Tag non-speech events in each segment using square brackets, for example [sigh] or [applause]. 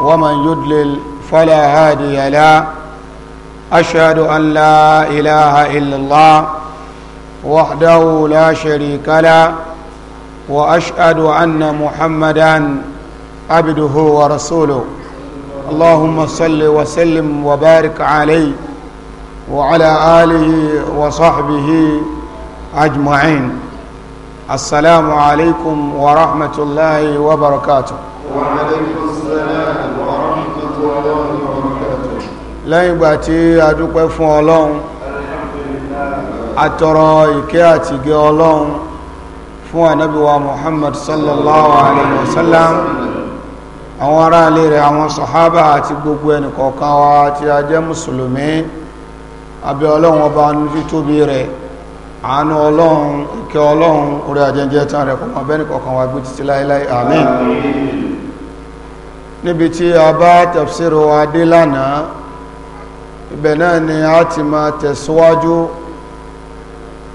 ومن يدلل فلا هادي له أشهد أن لا إله إلا الله وحده لا شريك له وأشهد أن محمدا عبده ورسوله اللهم صل وسلم وبارك عليه وعلى آله وصحبه أجمعين السلام عليكم ورحمة الله وبركاته وعليكم السلام lẹ́yìn ìgbà tí a dúpẹ́ fún ọlọ́run àtọrọ ìkẹ́ àti ìgẹ́ ọlọ́run fún ànábì wa muhammad sallallahu alaihi wasallam àwọn ará ilé rẹ̀ àwọn sàhábà àti gbogbo ẹnìkọ̀ọ̀kan wa tí a jẹ́ mùsùlùmí abẹ́ ọlọ́run ọba ní títóbi rẹ̀ àánú ọlọ́run ìkẹ́ ọlọ́run orí ajẹ́jẹ́ tán rẹ̀ kọ̀kan bẹ́nìkọ̀ọ̀kan wa gbé títí láíláí àmín níbi tí a bá tafsir wa dé lánàá ibẹ̀ náà ni a ti máa tẹ̀síwájú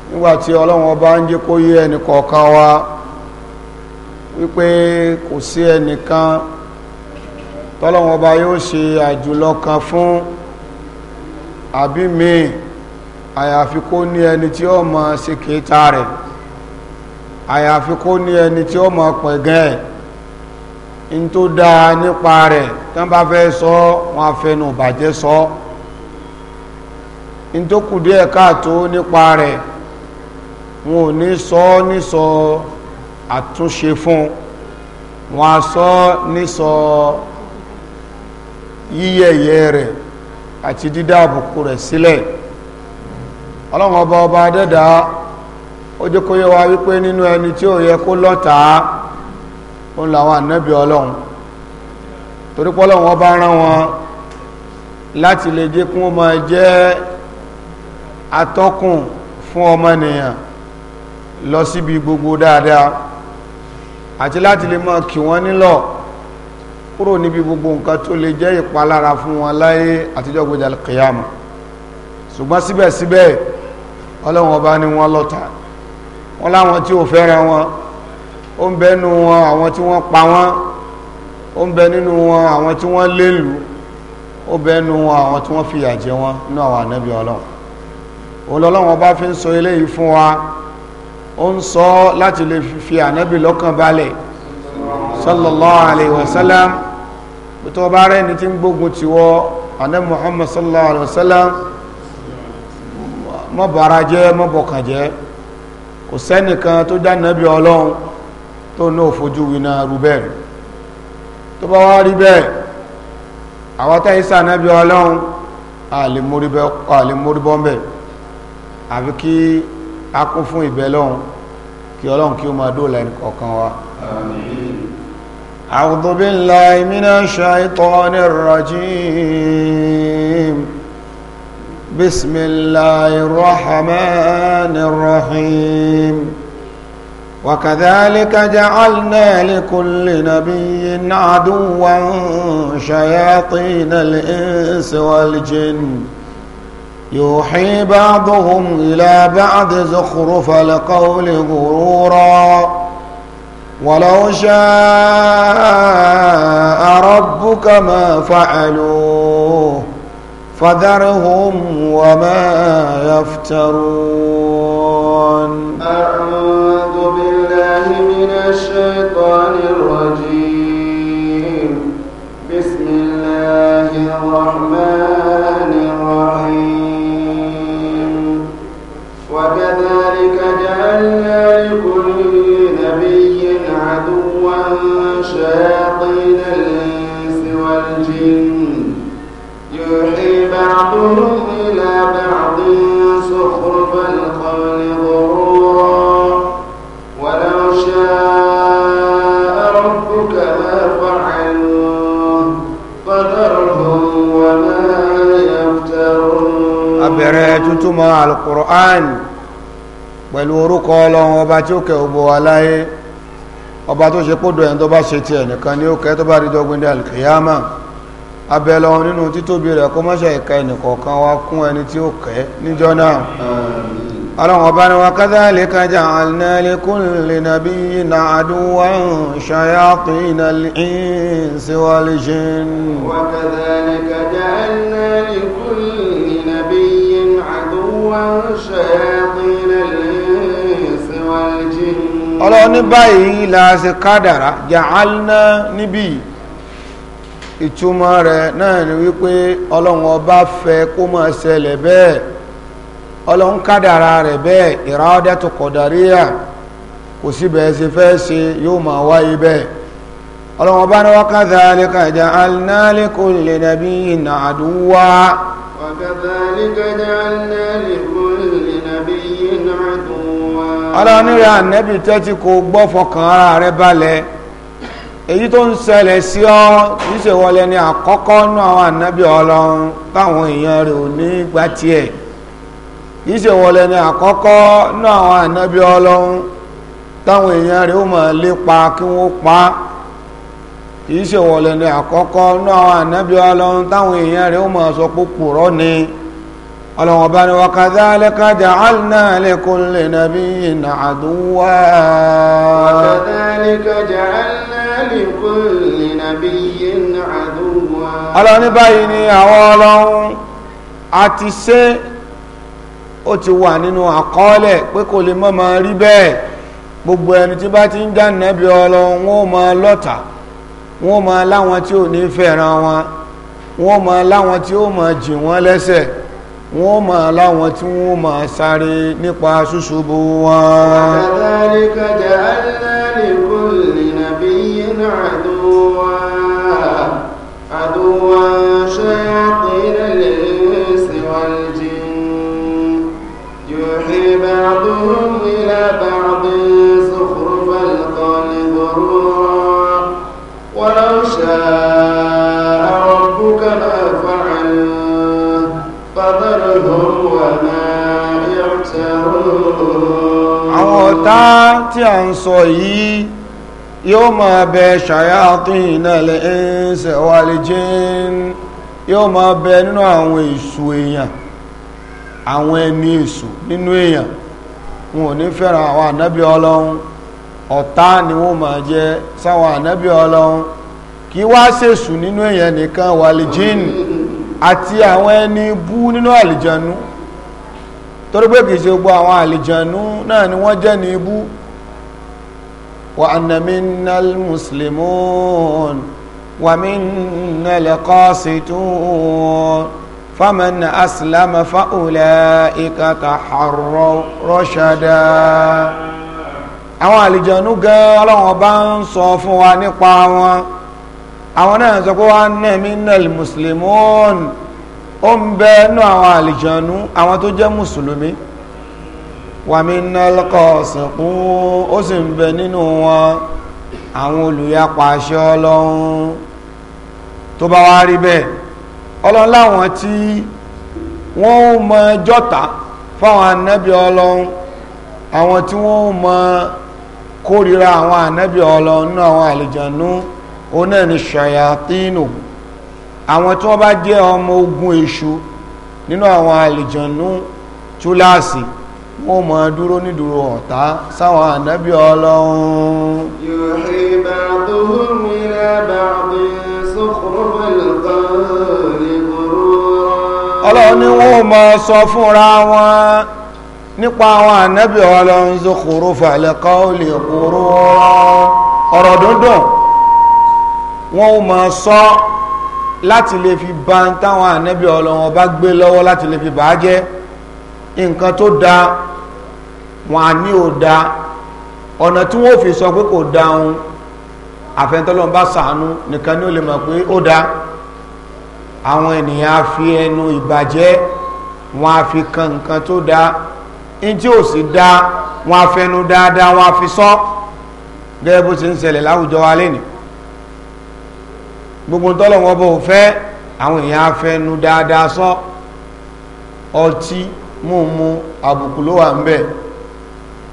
nígbàtí ọlọ́run ọba ń jẹ́ kó yé ẹnìkọ̀ọ̀kan wa wípé kò sí ẹnìkan tọ́lọ́run ọba yóò ṣe àjùlọ kan fún àbí míì àyàfi kó ní ẹni tí ó mọ̀ ṣe kéta rẹ̀ àyàfi kó ní ẹni tí ó mọ̀ pẹ̀gẹ́ ẹ̀ in tó dáa nípa rẹ̀ tán bá fẹ́ sọ wọn afẹnu sọ so. ní tó kù káàtó nípa rẹ̀ wọn ò ní sọ ọ́ ní àtúnṣe fún wọn a sọ ní sọ rẹ̀ àti dídá rẹ̀ sílẹ̀ ọlọ́run ọba ọba adẹ́dá ó jẹ́ kó wa wípé nínú ẹni tí ó yẹ kó lọ́ta ó làwọn ọlọ́run torípọ́ ọlọ́run ọba rán wọn láti lè jẹ́ atọ́kùn fún ọmọnìyàn lọ síbi gbogbo dáadáa àti láti lè máa kì wọ́n nílọ̀ kúrò níbi gbogbo nǹkan tó lè jẹ́ ìpalára fún wọn láyé àtijọ́ gbogbo alkiyama ṣùgbọ́n síbẹ̀síbẹ̀ ọlọ́run ọba ni wọ́n lọ́ta wọ́n láwọn tí ò fẹ́ràn wọn ó ń bẹ nínú wọn àwọn tí wọ́n pa wọ́n ó ń bẹ nínú wọn àwọn tí wọ́n lélùú ó bẹ nínú wọn àwọn tí wọ́n fìyà jẹ wọ́n nínú àwọn ànábì ọlọ́run olọ́lọ́wọ́n bá fi ń sọ eléyìí fún wa ó ń sọ láti lè fi ànábì lọ́kàn balẹ̀ sallallahu alayhi wa sallam tó bá rẹ̀ ní tí ń gbógun ti wọ ànábì muhammad sallallahu alayhi wa sallam mọ́ bàrà jẹ́ mọ́ bọ̀kàn jẹ́ kò sẹ́nìkan tó já nábì ọlọ́run tó ní òfojú winá rubel tó bá wá rí bẹ́ẹ̀ àwọn tẹ́yìn sànábì ọlọ́run àlè mórí àfi kí a kún fún ìbẹ̀ lọ́hun kí ọlọ́run kí ó máa dóòlà ẹni kọ̀ọ̀kan wa a'udhu billahi minash shaitanir rajim bismillahir rahmanir rahim وكذلك جعلنا لكل نبي عدوا شياطين الإنس والجن يوحي بعضهم إلى بعض زخرف لقول غرورا ولو شاء ربك ما فعلوه فذرهم وما يفترون أعوذ بالله من الشيطان الرجيم بسم الله الرحمن شياطين الإنس والجن يوحي بعضهم إلى بعض زخرف القول غرورا ولو شاء ربك ما فعلوه فذرهم وما يفترون أبريت تمع القرآن بل orúkọ ọlọ́run ọba tí ó ọba tó ṣe kódò ẹni tó bá ṣe ti ẹnìkan ní ó kẹ́ tó bá rí jọgbìn dẹ̀ alkiyama abẹ́lọ nínú títóbi rẹ̀ kó mọ́ṣẹ́ ìka ẹnìkọ̀ọ̀kan wá kún ẹni tí ó kẹ́ níjọ́ náà ọlọ́run ọba ni wa kadhalika ja'alna likulli nabiyyin aduwwan ọlọ́run ní báyìí la ṣe kádàrá ja'alna níbí ìtumọ̀ rẹ̀ náà ni wípé ọlọ́run ọba fẹ́ kó má ṣẹlẹ̀ bẹ́ẹ̀ ọlọ́run kádàrá rẹ̀ bẹ́ẹ̀ iradatu qadariya kò sí bẹ́ẹ̀ ṣe fẹ́ ṣe yóò ma wáyé bẹ́ẹ̀ ọlọ́run ọba ní wa ọlọ́nìrẹ́ ànẹ́bì tẹ́tí kò gbọ́ fọkàn ara rẹ balẹ̀ èyí tó ń ṣẹlẹ̀ sí ọ níṣèwọlẹ̀ ni àkọ́kọ́ nú àwọn ànẹ́bì ọlọ́run táwọn èèyàn rẹ̀ ò ní gbà tiẹ̀ níṣèwọlẹ̀ ni àkọ́kọ́ nú àwọn ànẹ́bì ọlọ́run táwọn èèyàn rẹ̀ ó mọ̀ lépa kí wọ́n pa níṣèwọlẹ̀ ni àkọ́kọ́ nú àwọn ànẹ́bì ọlọ́run táwọn èèyàn rẹ̀ ó mọ̀ sọ pé kùrọ́ ni. ọlọ́wọ́n bá ní wa kadhalika ja'alna likulli na wa ọlọ́ni báyìí ni àwọn ọlọ́run àti ṣe ó ti wà nínú àkọọ́lẹ̀ pé kò lè mọ́ máa rí bẹ́ẹ̀ gbogbo ẹni tí bá ti ń já nàbí ọlọ́run lọ́ta láwọn tí ò ní fẹ́ràn wọn láwọn tí ó jì wọ́n wọ́n máa láwọn tí wọ́n máa sáré nípa ṣúṣubú wọn kadhalika ja'alna li kulli nabiyyin aduwa aduwa shayatina al-insi wal jinn yuhi ba'duhum ila ba'd àwọn ọ̀tá tí a ń sọ yìí yóò ma bẹ ṣàyàtìn ilẹ̀ ẹ̀ẹ́sẹ̀ wà lè jẹ́ yóò ma bẹ nínú àwọn èṣù èyàn àwọn ẹni èṣù nínú èyàn wọn ò ní fẹ́ràn àwọn ànábì ọlọ́run ọ̀tá ni wọ́n ma jẹ́ sáwọn ànábì ọlọ́run kí wá nínú nìkan wà lè àti àwọn ẹni bú nínú torí pé kìí ṣe gbogbo àwọn àlìjànú náà ni wọ́n jẹ́ ní ibú wa annaminal muslimun wa minnal qasitun faman aslama fa ulaika taharraw rashada àwọn àlìjànú gan ọlọ́wọ́n bá ń sọ fún wa nípa wọn àwọn náà sọ pé wa annaminal muslimun ó ń bẹ nú àwọn àlìjànú àwọn tó jẹ́ mùsùlùmí wàmí nálọ́kọ̀ sìnkú ó sì ń bẹ nínú wọn àwọn olùyapa àṣẹ ọlọ́run tó bá wá rí bẹ́ẹ̀ ọlọ́run láwọn tí wọ́n ó mọ jọ́ta fáwọn anábì ọlọ́run àwọn tí wọ́n ó mọ kórìíra àwọn anábì ọlọ́run náà àwọn àlìjànú onáà ní ṣayatínù àwọn tí wọ́n bá jẹ́ ọmọ ogun èṣù nínú àwọn àlìjànú túláàsì wọ́n mọ̀ dúró nídúró ọ̀tá sáwọn ànábì ọlọ́run ọlọ́run ni wọ́n mọ̀ sọ fúnra wọn nípa àwọn ànábì ọlọ́run zukhrufal qawli ghurura ọ̀rọ̀ dúndùn wọ́n mọ̀ sọ láti lè fi ba táwọn ànábì ọlọ́wọ́n bá gbé lọ́wọ́ láti lè fi bàá jẹ́ nǹkan tó da wọn à ní ò da ọ̀nà tí wọ́n fi sọ pé kò da òun àfẹnitọ́lọ́n bá sàánú nìkan ní ó lè mọ̀ pé ó da àwọn ènìyàn fi ẹnu ìbàjẹ́ wọn á fi kan nǹkan tó da ní tí ò sì da wọn á fẹnu dáadáa wọn á fi sọ gẹ́gẹ́ bó ti ń ṣẹlẹ̀ láwùjọ wa lénìí gbogbo tọ́lọ̀ wọn bó fẹ́ àwọn èèyàn afẹnu dáadáa sọ ọtí mímu àbùkù ló wà ń bẹ̀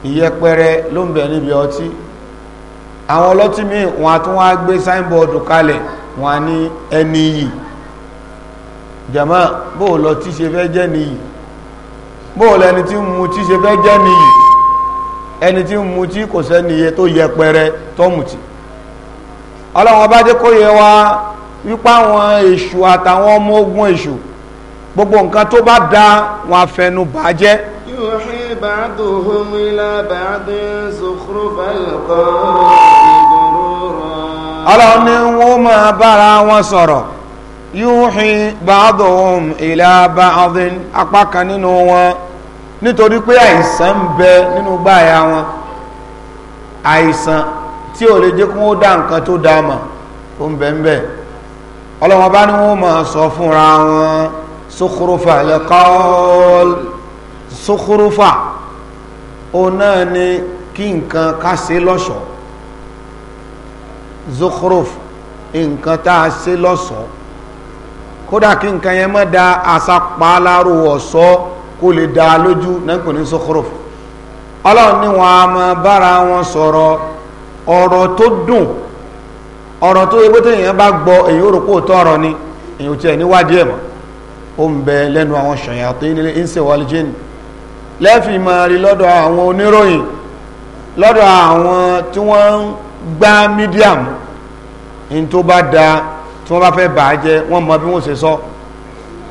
ìyẹpẹrẹ ló ń bẹ̀ níbi ọtí àwọn ọlọ́tí míì wọn a tún wá gbé sáínbọ̀dù kalẹ̀ wọn ní ẹni yìí jàmá bóò lọ tí ṣe fẹ́ jẹ́ nìyí bóò lẹni tí mu tí ṣe fẹ́ jẹ́ nìyí ẹni tí mu tí kò sẹ́ni iye tó yẹpẹrẹ tó ọlọ́run ọba jẹ́ kó yẹ wa wípé àwọn èṣù àtàwọn ọmọ ogun èṣù gbogbo nǹkan tó bá da wọn àfẹnu bàjẹ́. yuhi ba'duhum ila ba'din zukhrufal qawli ghurura. ọlọ́run ni wọ́n máa bára wọn sọ̀rọ̀ yuhi ba'duhum ila ba'din apá kan nínú wọn nítorí pé àìsàn ń bẹ nínú gbáàyà wọn àìsàn tí ò lè jẹ́ kí wọ́n dá nǹkan tó dá mọ̀ ó ń bẹ̀ ń bẹ̀ ọlọ́wọ́n bá ní wọ́n mọ̀ sọ fúnra wọn sukurufa lẹ́kọ́ọ́l sukurufa ó náà ni kí nǹkan ká ṣe lọ́ṣọ̀ọ́ zukuruf nǹkan tá a ṣe lọ́ṣọ̀ọ́ kódà kí nǹkan yẹn mọ́ da àṣàpálárò ọ̀ṣọ́ kó lè dá lójú náà kò ní sukuruf ọlọ́run ní wọn a máa bára wọn sọ̀rọ̀ ọ̀rọ̀ tó dùn ọ̀rọ̀ tó yẹ pé èèyàn bá gbọ́ èèyàn ò rò pé ọ̀rọ̀ ni èèyàn ò tiẹ̀ níwádìí ẹ̀ mọ́ ó ń bẹ lẹ́nu àwọn ṣàyàtọ̀ ilé ìṣe wàlíjìn lẹ́fì máa rí lọ́dọ̀ àwọn oníròyìn lọ́dọ̀ àwọn tí wọ́n ń gbá mídíà mú ní tó bá da tí wọ́n bá fẹ́ bà á jẹ́ wọ́n mọ bí wọ́n ṣe sọ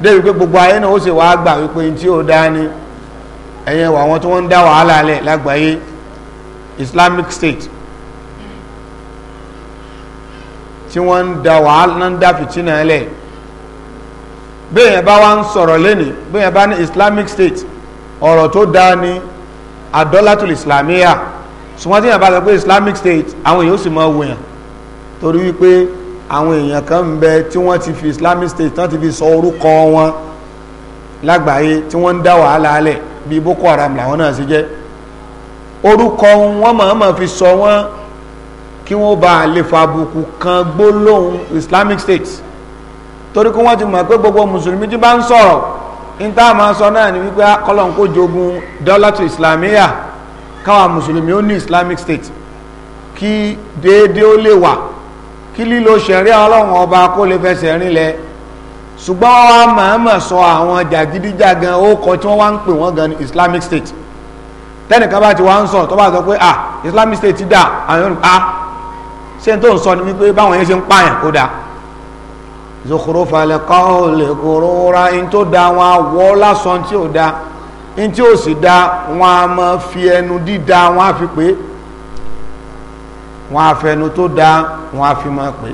débi pé gbogbo ayé náà ó sì wá gbà wípé ní tí ó dá ní ẹ̀yẹn wà àwọn tí wọ́n ń dá wàhálà lẹ̀ lágbàáyé Islamic State tí wọ́n ń da wàhálà ń da fìtínà ẹlẹ̀ bẹ́ẹ̀ yẹn bá wá ń sọ̀rọ̀ lẹ́nìí bẹ́ẹ̀ yẹn bá ní Islamic State ọ̀rọ̀ tó dáa ni adọ́látùl islamiyya ṣùgbọ́n tí yẹn bá sọ pé Islamic State àwọn èèyàn ó sì máa wòyàn torí wípé àwọn èèyàn kan ń bẹ tí wọ́n ti fi Islamic State tán ti fi sọ orúkọ wọn lágbàáyé tí wọ́n ń dá wàhálà alẹ̀ bíi Boko Haram làwọn náà ṣe jẹ́ orúkọ wọn màá fi sọ wọn kí wọ́n bá lè fàbùkù kan gbólóhùn Islamic State torí kí wọ́n ti mọ̀ pé gbogbo mùsùlùmí tí bá ń sọ̀rọ̀ níta máa sọ náà ni wípé kọ́lọ̀n kó jogun dọ́làtù islamiyà káwa mùsùlùmí ó ní Islamic State kí déédé ó lè wà kí lílo ṣẹ̀ríà ọlọ́run ọba kó lè fẹsẹ̀ rinlẹ̀ ṣùgbọ́n wọ́n wá mọ̀ọ́mọ̀ sọ àwọn jàgídíjàgan ó kọ tí wọ́n wá ń pè wọ́n gan ní Islamic State tẹ́nìkan bá ti wá ń sọ tó bá sọ pé ah Islamic State ti dà àwọn ah ṣé n tó ń sọ ni wípé báwọn yẹn ṣe ń pààyàn kó dáa zukhrufa al-qawli ghurura in tó da wọn àwọ̀ lásán tí ò da in tí ò sì da wọn a máa fi ẹnu dídá wọn a fi pé wọn a fẹnu tó da wọn a fi máa pé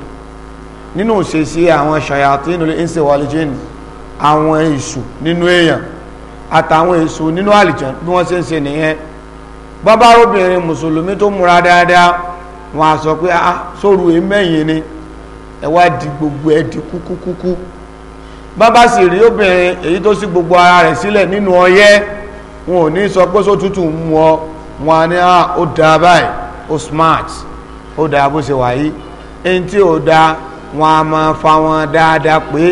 nínú òṣèṣe àwọn shayatinul insi wal jinn àwọn èṣù nínú èèyàn àtàwọn èṣù nínú àlìjàn bí wọ́n ṣe ń ṣe nìyẹn bàbá obìnrin mùsùlùmí tó múra dáadáa wọ́n á sọ pé ah, ah sóru èmẹ́yìn ni ẹ wá di gbogbo ẹ di kúkúkúkú bábá sì rí obìnrin èyí tó sí gbogbo ara rẹ̀ sílẹ̀ nínú ọyẹ́ wọn ò ní sọ pé só tútù ń mu ọ wọn á ní ah ó dáa báyìí ó smart ó dáa bó ṣe wà yìí ẹni tí ò dáa wọn a máa fa wọn dáadáa pé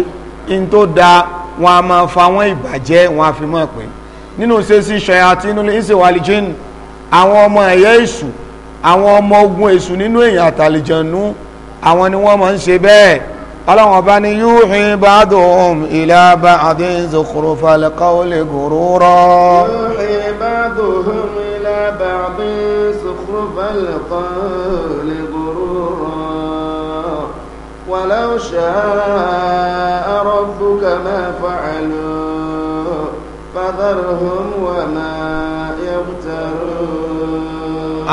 ẹni tó dáa wọn a máa fa wọn ìbàjẹ́ wọn a fi mọ̀ pé nínú ṣe sí ṣọyà tí inú lè ń àwọn ọmọ ẹ̀yẹ́ ìṣù àwọn ọmọ ogun èṣù nínú èèyàn àtàlìjànú àwọn ni wọ́n máa ń ṣe bẹ́ẹ̀ ọlọ́run ọba ni yuhi ba'duhum ila ba'din zukhrufal qawli ghurura. yuhi ba'duhum ila ba'din zukhrufal qawli ghurura walau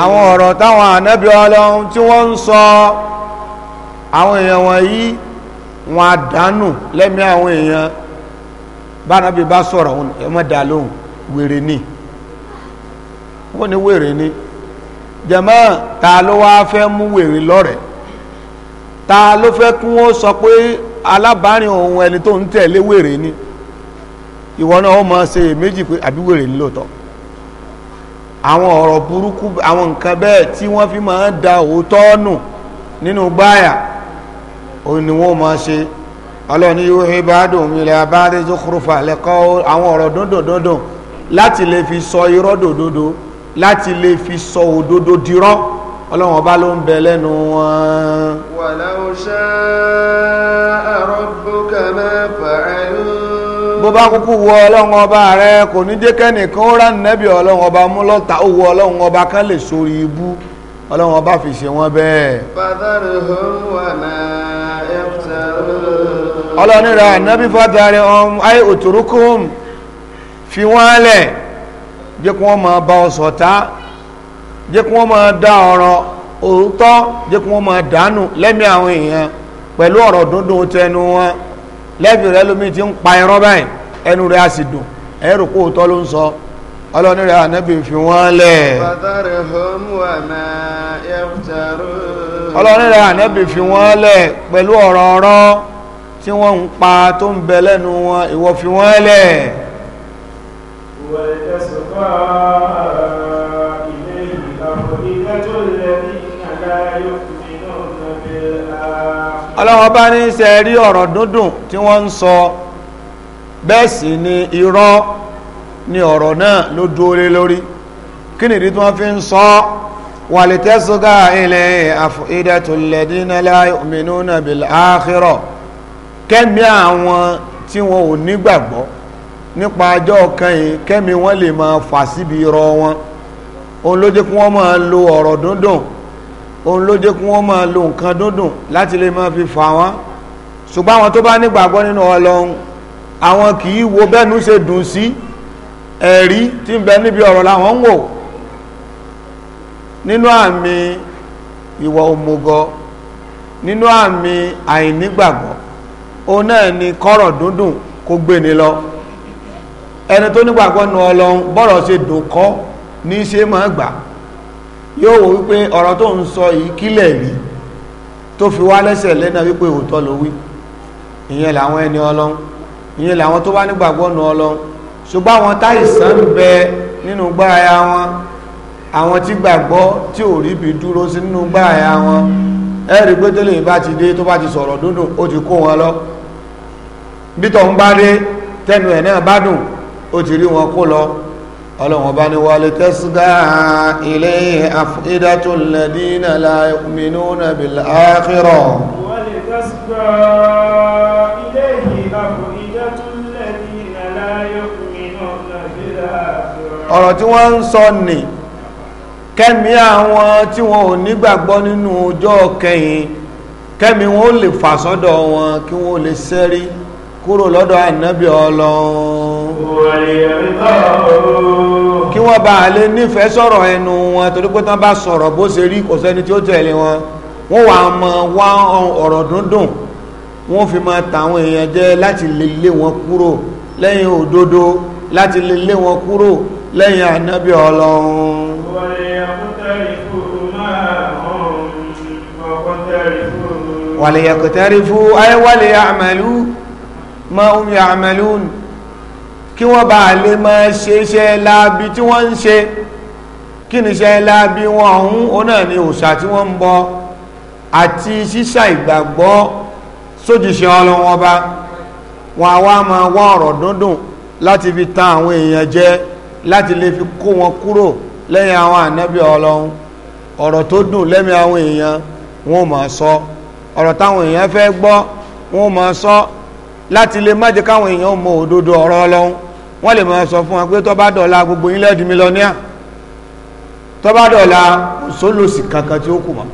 àwọn ọ̀rọ̀ táwọn ànábì ọlọ́run tí wọ́n ń sọ àwọn èèyàn wọ̀nyí wọn àdánù lẹ́mí àwọn èèyàn bánábì bá sọ̀rọ̀ ẹmọ́ dà lóhùn wèrè ni wọ́n ní wèrè ni jẹ̀mọ́ ta ló wá fẹ́ mú wèrè lọ́rẹ̀ ta ló fẹ́ kí wọ́n sọ pé alábàárin òun ẹni tó ń tẹ̀lé wèrè ni ìwọ náà ó máa ṣe èméjì pé àbí wèrè ni lóòótọ́ àwọn ọ̀rọ̀ burúkú àwọn nǹkan bẹ́ẹ̀ tí wọ́n fi máa ń da òótọ́ nù nínú gbáyà òun ni wọ́n máa ṣe ọlọ́ni yóò hẹ́ bá dùn mí lẹ́ abáre zokorofa lẹ́kọ́ àwọn ọ̀rọ̀ dúndùn dúndùn láti lè fi sọ irọ́ dòdodo láti lè fi sọ òdodo dirọ́ ọlọ́run ọba ló ń bẹ lẹ́nu wọn. wàlá òṣà àrọ́bùkà máa fàáyé bó akwụkwọ kúkú ọlọ́run ọba rẹ kò ní jẹ́ nìkan ó rán nẹ́bí ọlọ́run ọba mú lọ́ta ó ọlọ́run ọba ká lè sórí ibú ọlọ́run ọba fi ṣe wọ́n bẹ́ẹ̀. nẹ́bí fàtàrí ọm um, ayé òtòrókùn fi wọ́n lẹ̀ wọ́n máa bá wọ́n máa dá ọ̀rọ̀ òótọ́ wọ́n máa lẹ́mí àwọn lẹ́bìn rẹ lómi ti ń pa irọ́ báyìí ẹnu rẹ a sì dùn ẹ̀rù kó tọ́ ló ń sọ ọlọ́ni rẹ ànábì fi wọ́n lẹ̀. ọlọ́ni rẹ ànábì fi wọ́n lẹ̀ pẹ̀lú ọ̀rọ̀ ọ̀rọ̀ tí wọ́n ń pa tó ń bẹ lẹ́nu wọn ìwọ fi wọ́n lẹ̀. ilé ìlànà ìdájọ́ ilẹ̀ ní ìlànà yóò fi náà nàbẹ̀ ọlọ́wọ́n bá ní ṣe rí ọ̀rọ̀ dúndùn tí wọ́n ń sọ bẹ́ẹ̀ sì ni irọ́ ni ọ̀rọ̀ náà ló dúóré lórí kí nìdí tí wọ́n fi ń sọ wàlítẹ́sọ́gá ilẹ̀ àfọ̀ídẹ́tòlẹ́dínà láìmínúnà bìláàkírọ̀ kẹ́mi àwọn lè máa fà síbi ọ̀rọ̀ dúndùn òun ló jẹ́ kí wọ́n máa lo nǹkan dúndùn láti lè máa fi fà wọ́n ṣùgbọ́n àwọn tó bá nígbàgbọ́ nínú ọlọ́run àwọn kì í wo bẹ́nu ṣe dùn sí ẹ̀rí tí ń bẹ níbi ọ̀rọ̀ làwọn ń wò nínú àmì ìwà òmùgọ̀ nínú àmì àìnígbàgbọ́ òun náà ni kọ́rọ̀ dúndùn kó gbé ni lọ ẹni tó nígbàgbọ́ nínú ọlọ́run bọ́rọ̀ ṣe dùn kọ́ ní ṣe máa gbà á yóò wò wípé ọ̀rọ̀ tó ń sọ yìí kílẹ̀ rí tó fi wá lẹ́sẹ̀ lẹ́nà wípé òótọ́ ló wí ìyẹn làwọn ẹni ọlọ́run ìyẹn làwọn tó bá nígbàgbọ́ nu ọlọ́run ṣùgbọ́n àwọn táìsàn ń bẹ nínú gbára wọn àwọn tí gbàgbọ́ tí ò rí bi dúró sí nínú gbára wọn ẹ rí pé tó lè bá ti dé tó bá ti sọ̀rọ̀ dúndùn ó ti kó wọn lọ bí tọ̀ ń bá dé tẹnu ẹ̀ náà bá dùn ó ti rí wọn kó lọ ọlọ́run bá ní wàlẹ̀ tẹ́sígá ilé àfídàtò lẹ́dínà láìmínú nàbí láàkírọ̀ ọ̀rọ̀ tí wọ́n ń sọ nì kẹ́mí àwọn tí wọ́n ò nígbàgbọ́ nínú ọjọ́ kẹyìn kẹ́mí wọ́n lè fà sọ́dọ̀ wọn kí wọ́n lè sẹ́rí kúrò lọ́dọ̀ ànábì ọlọ́run kí wọ́n bá lè nífẹ̀ẹ́ sọ̀rọ̀ ẹnu wọn torí pé tán bá sọ̀rọ̀ bó ṣe rí kò sẹ́ni tí ó tẹ̀lé wọn wọ́n wà mọ̀ wá ọ̀rọ̀ dúndùn wọ́n fi máa tàwọn èèyàn jẹ́ láti lè wọn kúrò lẹ́yìn òdodo láti lè wọn kúrò lẹ́yìn ànábì ọlọ́run wàlẹ̀yàkùtẹ́rí fún ayé wàlẹ̀yà àmàlú kí wọ́n bá lè máa ṣe iṣẹ́ láabi tí wọ́n ń ṣe kí ni iṣẹ́ láabi wọn ọ̀hún ó náà ni òòṣà tí wọ́n ń bọ àti ṣíṣà ìgbàgbọ́ sójìṣẹ́ ọlọ́wọ́n ọba wọn àwa máa wá ọ̀rọ̀ dúndùn láti fi tan àwọn èèyàn jẹ láti lè fi kó wọn kúrò lẹ́yìn àwọn ànábì ọlọ́run ọ̀rọ̀ tó dùn lẹ́mí àwọn èèyàn wọn ò máa sọ ọ̀rọ̀ táwọn èèyàn fẹ́ gbọ́ wọn ò máa sọ láti lè má jẹ́ káwọn èèyàn mọ òdodo ọ̀rọ̀ ọlọ́run wọ́n lè máa sọ fún wọn pé tó bá dọ̀la gbogbo yín lẹ́ẹ̀dì mílíọ̀nìyà tó bá dọ̀la sólòsì kankan tí ó kù mọ́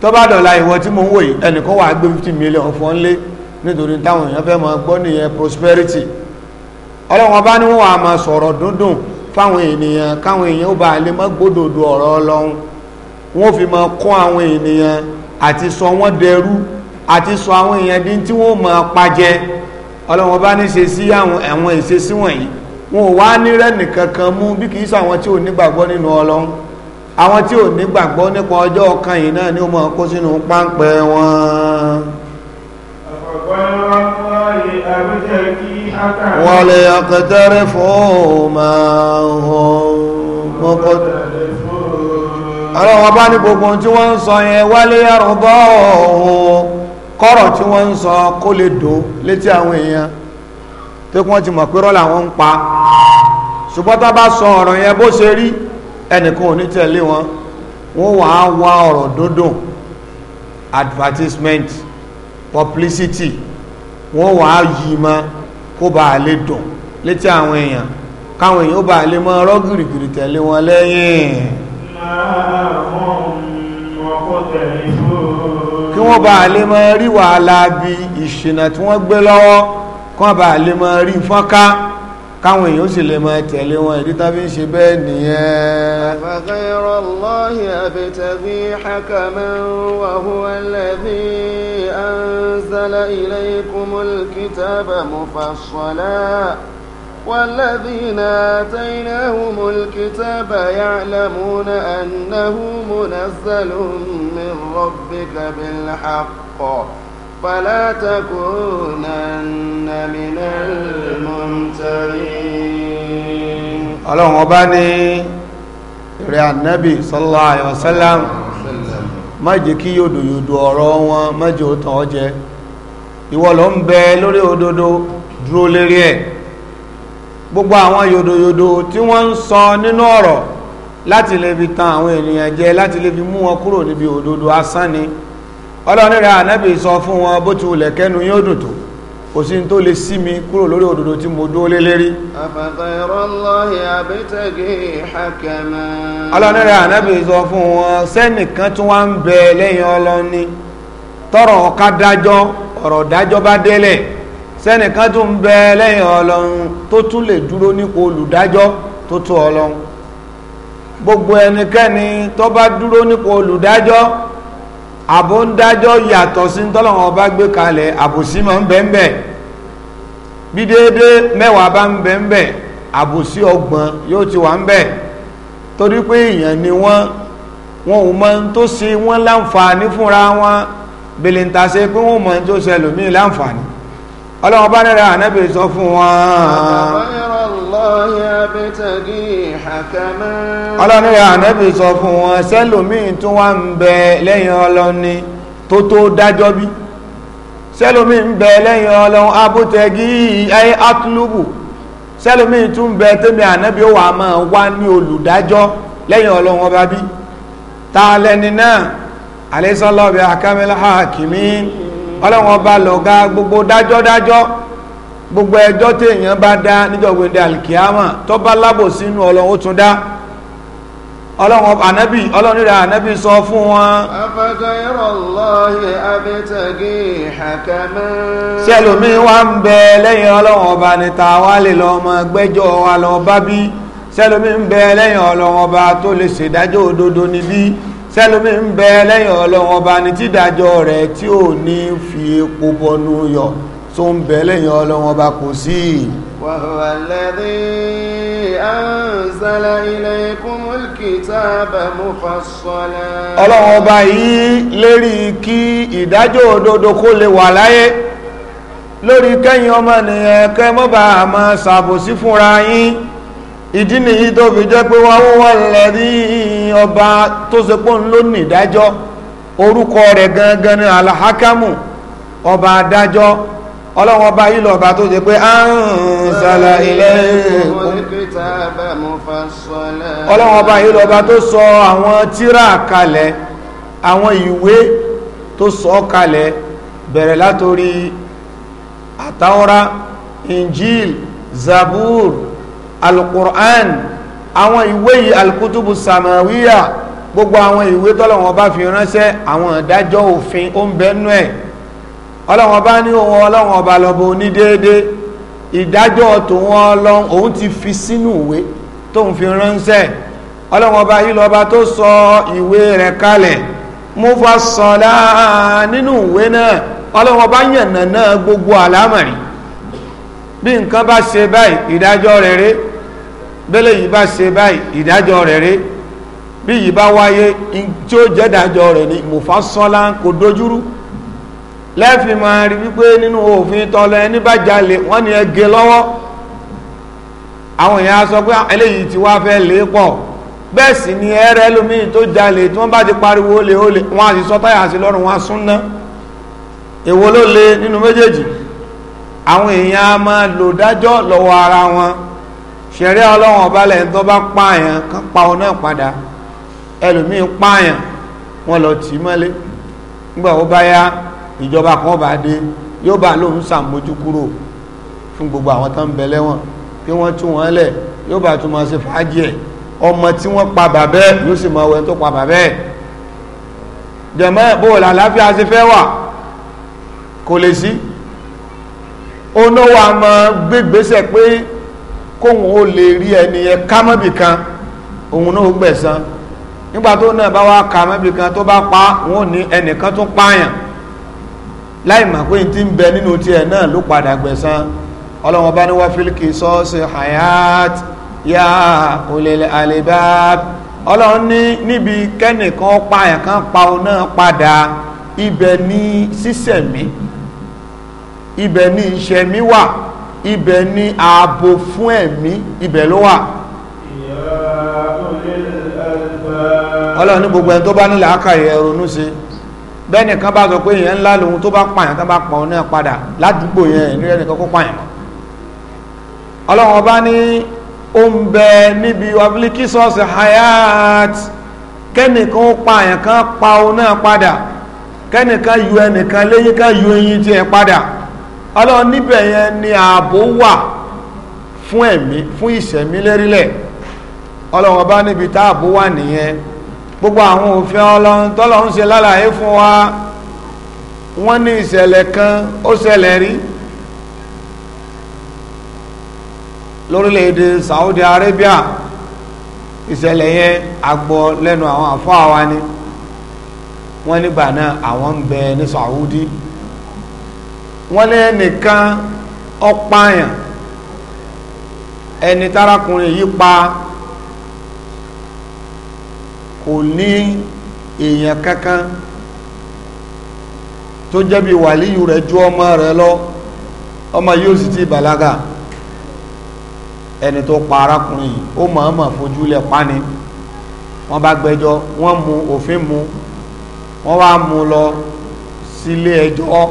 tó dọ̀la ìwọ tí mo ń wòye ẹnìkan wà gbé fifty million fún ọ́n lé nítorí táwọn èèyàn fẹ́ máa gbọ́ nìyẹn prosperity ọlọ́wọ́n bá ní wọ́n wà máa sọ̀rọ̀ dúndùn fáwọn ènìyàn káwọn èèyàn ó bá lè má gbódòdó ọ̀rọ̀ ọlọ́run wọ́n fi máa kọ́ àwọn ènìyàn àti sọ wọ́n dẹrú àti sọ àwọn èèyàn dín tí wọ́n máa pajẹ́ ọlọ́wọ́n bá ní ṣe sí àwọn ìṣesí wọ̀nyí wọn ò wá ní rẹ́nì kankan mú bí kìí sàwọn tí ò nígbàgbọ́ nínú ọlọ́run àwọn tí ò nígbàgbọ́ nípa ọjọ́ ọ̀kan yìí náà ni ó máa kó sínú páńpẹ́ wọn. wọ́n lè ọ̀kẹ́tẹ́rẹ́ fún ọmọ ọlọ́wọ́n bá ní gbogbo tí wọ́n ń sọ yẹn wálé àrùbọ̀ ọ̀hún kọ́rọ̀ tí wọ́n ń sọ kó lè dò létí àwọn èèyàn tó kí wọ́n ti mọ̀ pé rọ́lá wọn ń pa ṣùgbọ́n tá bá sọ ọ̀rọ̀ yẹn bó ṣe rí ẹnìkan ò ní tẹ̀lé wọn wọ́n wà á wá ọ̀rọ̀ dúndùn advertisement publicity wọ́n wà á yí mọ́ kó bá lè dùn létí àwọn èèyàn káwọn èèyàn ó bá lè mọ ọ̀rọ̀ gìrìgìrì tẹ̀lé wọn lẹ́yìn. máa wọn ọkọ tẹ̀lé fún kí wọ́n bá lè mọ rí wàhálà bí ìṣìnà tí wọ́n gbé lọ́wọ́ kí wọ́n bá lè mọ rí fọ́nká káwọn èèyàn sì lè mọ tẹ̀lé wọn ìdí tá ń ṣe bẹ́ẹ̀ nìyẹn. والذين آتيناهم الكتاب يعلمون أنه منزل من ربك بالحق فلا تكونن من الممترين ọlọ́run ọba ní ìrẹ́ ànábì sallallahu alaihi wasallam má jẹ́ kí yòdò yòdò ọ̀rọ̀ wọn má jẹ́ ó tàn ọ́ jẹ ìwọ ló ń bẹ lórí òdodo dúró lérí ẹ̀ gbogbo àwọn yòdòyòdò tí wọ́n ń sọ nínú ọ̀rọ̀ láti lè fi tan àwọn ènìyàn jẹ láti lè fi mú wọn kúrò níbi òdodo asán ni ọlọ́run rẹ̀ ànábì sọ fún wọn bó ti wulẹ̀ kẹ́nu yóò dùn tó kò sí tó lè sí mi kúrò lórí òdodo tí mo dúró lé lérí. ọlọ́run rẹ̀ ànábì sọ fún wọn sẹ́nìkan tí wọ́n ń bẹ lẹ́yìn ọlọ́ni tọrọ ọ̀ka dájọ́ ọ̀rọ̀ dájọ́ bá délẹ̀ sẹ́nìkan tún bẹ lẹ́yìn ọlọ́run tó tún lè dúró nípò olùdájọ́ tó tó ọlọ́run gbogbo ẹnikẹ́ni tó bá dúró nípò olùdájọ́ àbò ń dájọ́ yàtọ̀ sí tọ́lọ́wọ́n bá gbé kalẹ̀ àbòsí máa ń bẹ ń bẹ bí déédéé mẹ́wàá bá ń bẹ ń bẹ àbòsí ọgbọ̀n yóò ti wà ń bẹ torí pé èèyàn ni wọ́n wọn ò mọ tó ṣe wọ́n láǹfààní fúnra wọn bèlè pé wọ́n mọ tó ṣe láǹfààní ọlọ́wọ́ bá rẹ̀ sọ fún wọn ọlọ́ni sọ fún wọn tún wá ń bẹ lẹ́yìn ọlọ́ni tó tó dájọ́ bí sẹ́lòmíì ń bẹ lẹ́yìn ọlọ́run abótẹ́gí ayé atúlùbù sẹ́lòmíì tún bẹ tẹ́mi ànábì wà máa wá ní olùdájọ́ lẹ́yìn ọlọ́run ọba bí ta náà ọlọ́run ọba lọ̀gá gbogbo dájọ́dájọ́ gbogbo ẹjọ́ téèyàn bá dá níjọ̀gbẹ̀dẹ̀ alkiyama tó bá lábò sínú ọlọ́run tún dá sọ fún wọn. ṣé ẹlòmíín ń bẹ lẹ́yìn ọba ní lè lọ ọmọ gbẹ́jọ́ wa lọ bá bí ń bẹ lẹ́yìn sẹ́lómi ń bẹ lẹ́yìn ọlọ́run ọba ní tídàjọ́ rẹ̀ tí ò ní fi epo bọnú yọ tó ń bẹ lẹ́yìn ọlọ́run ọba kò sí. وهو الذي أنزل إليكم الكتاب مفصلا ọlọ́run ọba yìí lérí kí ìdájọ́ òdodo kó lè wà láyé lórí kẹ́yìn ọmọ nìyẹn kẹ́ mọ́ bá a máa ṣàbòsí fúnra yín ìdí nìyí tó fi jẹ́ pé wọ́n wọ́n lẹ́rí ọba tó ṣe pọ́n ló ní ìdájọ́ orúkọ rẹ̀ gangan ní alahakamu ọba adájọ́ ọlọ́wọ́ ọba yìí lọ́ba tó ṣe pé anzala ilaykum ọlọ́wọ́ ọba yìí lọ́ba tó sọ àwọn tírà kalẹ̀ àwọn ìwé tó sọ kalẹ̀ bẹ̀rẹ̀ látorí àtàwọ́rá injil zabur alukur'an àwọn ìwé yìí alkutubu samawiya gbogbo àwọn ìwé tọ́lọ̀wọ́n bá fi ránṣẹ́ àwọn ìdájọ́ òfin ó ń bẹ́nu ẹ̀ ọlọ́wọ́n bá ní ohun ọlọ́wọ́n ọba lọ́bọ̀ ní déédé ìdájọ́ tòun ọlọ́run òun ti fi sínú ìwé tóun fi ránṣẹ́ ọlọ́wọ́n ọba yìí lọ́ba tó sọ ìwé rẹ̀ kalẹ̀ mufassala nínú ìwé náà ọlọ́wọ́n bá yànnà náà gbogbo àlámọ̀rí bí nǹkan bá ṣe báyìí ìdájọ́ rẹ̀ rèé bẹ́lẹ̀ yìí bá ṣe báyìí ìdájọ́ rẹ̀ rí bí yìí bá wáyé tí ó jẹ́ ìdájọ́ rẹ̀ ni mùfásọ́lá kò dojúrú lẹ́fì máa rí wípé nínú òfin tọ́lọ ẹni bá jalè wọ́n ní ẹgẹ lọ́wọ́ àwọn èèyàn sọ pé ah, eléyìí ti wá fẹ́ lè pọ̀ bẹ́ẹ̀ sì ni ẹ̀rẹ́ lómi tó jalè tí wọ́n bá ti pariwo olè olè wọ́n á sọ táyà sí lọ́rùn wọn á súnná èwo ló le nínú méjèèjì àwọn èèyàn máa lò dájọ́ lọ́wọ́ ara wọn ṣẹ̀rí ọlọ́run ọba lẹ́yìn tó bá pààyàn kan pa ọ náà padà ẹlòmíì pààyàn wọn lọ tì í mọ́lé nígbà ó bá yá ìjọba kan bá dé yóò bá lóun ṣàmójú kúrò fún gbogbo àwọn tó ń bẹ lẹ́wọ̀n kí wọ́n tú wọn lẹ̀ yóò bá tún máa ṣe fàájì ẹ̀ ọmọ tí wọ́n pa bàbẹ́ yóò sì máa wẹ̀ tó pa bàbẹ́ jẹ̀mọ́ bóòlù àlàáfíà ṣe fẹ́ wà kò lè sí onáwó àmọ́ gbégbèsè pé kóhun ó lè rí ẹni yẹn ká mọ́bì kan òun náà ó gbẹ̀san nígbà tó náà bá wá ká mọ́bì kan tó bá pa wọn ò ní ẹnìkan tún pààyàn láì mà pé ti ń bẹ nínú tiẹ̀ náà ló padà gbẹ̀san ọlọ́wọ́n bá ní wá fílíkì sọ́ọ̀sì hayat ya olèlè alibab ọlọ́run ní níbi kẹ́nìkan pààyàn kan pa ọ náà padà ibẹ̀ ní sísẹ̀mí ibẹ̀ ní ìṣẹ̀mí wà ibẹ̀ ni ààbò fún ẹ̀mí ibẹ̀ ló wà ọlọ́run ní gbogbo ẹni tó bá ní làákàyè ronú sí bẹ́ẹ̀ nìkan bá sọ pé èèyàn ńlá lòun tó bá pààyàn tó bá pààyàn náà padà ládùúgbò yẹn ní ẹnìkan kó pààyàn ọlọ́run ọba ní ó ń bẹ níbi ọbílíkì sọ́ọ̀sì hayat kẹ́nìkan ó pààyàn kan pa òun náà padà kẹ́nìkan yu ẹnìkan léyìn kan yu eyín tiẹ̀ padà ọlọ́run níbẹ̀ yẹn ni ààbò wà fún ẹ̀mí fún ìṣẹ̀mí lérílẹ̀ ọlọ́run ọba níbi tá ààbò wà nìyẹn gbogbo àwọn òfin ọlọ́run tọ́lọ́run ṣe lálàyé fún wa wọ́n ní ìṣẹ̀lẹ̀ kan ó ṣẹlẹ̀ rí lórílẹ̀‐èdè Saudi Arabia ìṣẹ̀lẹ̀ yẹn àgbọ̀ lẹ́nu àwọn àfọ́ àwa ni wọ́n nígbà náà àwọn ń bẹ ní Saudi Arabia wọ́n lé nìkan ọpáyàn ẹni tárakùnrin yìí pa kò ní èèyàn kankan tó jẹ́ bí wàlíyù rẹ̀ ju ọmọ rẹ̀ lọ ọmọ yóò sì ti bàlágà ẹni tó pa arákùnrin ó mọ̀ọ́mọ̀ fojúlẹ̀ pani wọ́n bá gbẹ́jọ́ wọ́n mú òfin mú wọ́n wá mú lọ sílé ẹjọ́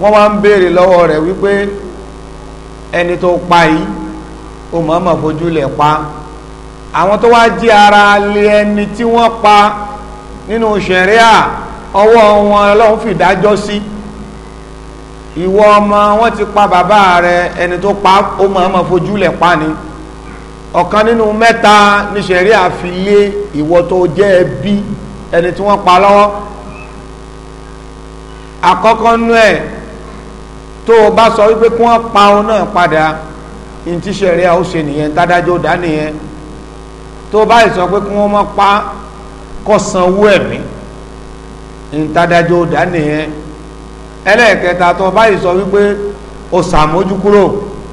wọ́n wá ń béèrè lọ́wọ́ rẹ̀ wípé ẹni tó pa yìí ó mọ̀ọ́mọ̀ fojú lẹ̀ pa àwọn tó wá jí ara lé ẹni tí wọ́n pa nínú ṣẹ̀ríà ọwọ́ wọn ọlọ́run fìdájọ́ sí ìwọ ọmọ wọn ti pa bàbá rẹ ẹni tó pa ó mọ̀ọ́mọ̀ fojú lẹ̀ pa ni ọ̀kan nínú mẹ́ta ní ṣẹ̀ríà fi lé ìwọ tó jẹ́ ẹbí ẹni tí wọ́n pa lọ́wọ́ àkọ́kọ́ nú ẹ̀ tó o bá sọ wípé kí wọ́n pa òun náà padà ntí sẹ̀rí àwọn ṣe nìyẹn dádájọ́ dá nìyẹn tó o bá sọ pé kí wọ́n mọ́ pa kọ́ sanwó ẹ̀mí ntadájọ́ dá nìyẹn ẹlẹ́ẹ̀kẹta tó o bá sọ wípé o sàmójú kúrò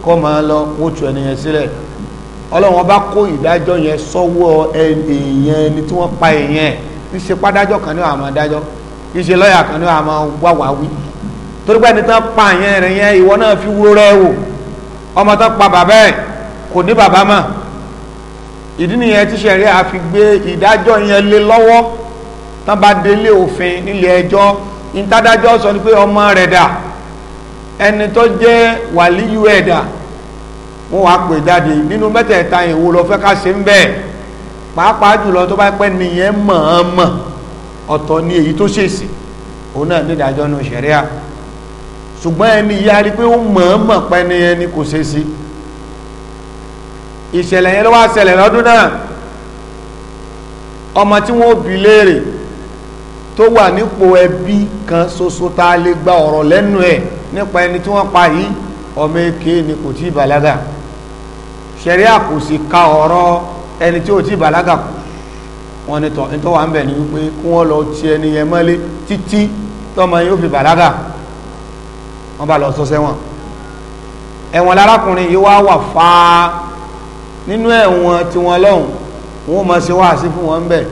kọ́ máa lọ wọ́n tu ẹnìyẹn sílẹ̀ ọlọ́run ọba kó ìdájọ́ yẹn sọ́wọ́ èèyàn ẹni tí wọ́n pa èèyàn ẹ̀ ń ṣe pádájọ́ kan ní àwọn àmọ́ dájọ́ ń ṣe lọ́ọ̀yà kan ní àwọn àmọ́ wáwá wí torí pé ẹni tán pa àyàn rẹ̀ yẹn ìwọ náà fi wúrò rẹ̀ wò ọmọ tán pa bàbá ẹ̀ kò ní bàbá mọ́ ìdí nìyẹn tí sẹ̀rí àfi gbé ìdájọ́ yẹn lé lọ́wọ́ tán bá délé òfin nílé ẹjọ́ ìtadájọ́ sọ ni pé ọmọ rẹ̀ dà ẹni tó jẹ́ wàlíyù ẹ̀ dà wọ́n wá pè jáde nínú mẹ́tẹ̀ẹ̀ta yẹn wo ká ṣe ń bẹ́ẹ̀ pàápàá jùlọ tó bá pẹ́ nìyẹn mọ̀ọ́mọ̀ ọ̀tọ̀ ni èyí tó ṣèṣì òun náà nídàájọ́ nu sẹ̀ríà ṣùgbọ́n ẹni ìyá rí pé ó mọ̀ọ́mọ̀ pẹ́ ní ẹni kò ṣe sí ìṣẹ̀lẹ̀ yẹn ló wá ṣẹlẹ̀ lọ́dún náà ọmọ tí wọ́n bí léèrè tó wà nípò ẹbí kan ṣoṣo tá lè gba ọ̀rọ̀ lẹ́nu ẹ̀ nípa ẹni tí wọ́n pa yìí ọmọ èké ni kò tí ì bàlágà ṣẹ̀ríà kò sì ka ọ̀rọ̀ ẹni tí ò tí ì bàlágà kù wọ́n ní tọ́ wà ń bẹ̀ ni wípé kí wọ́n lọ ti ẹni yẹn mọ́lé títí tọ́mọ yóò fi bàlágà kù wọ́n bá lọ sọ sẹ́wọ̀n ẹ̀wọ̀n lárakùnrin yìí wá wà fa, nínú ẹ̀wọ̀n tí wọ́n lọ́hùn wọ́n mọ̀ ṣe wáàsí fún wọn bẹ́ẹ̀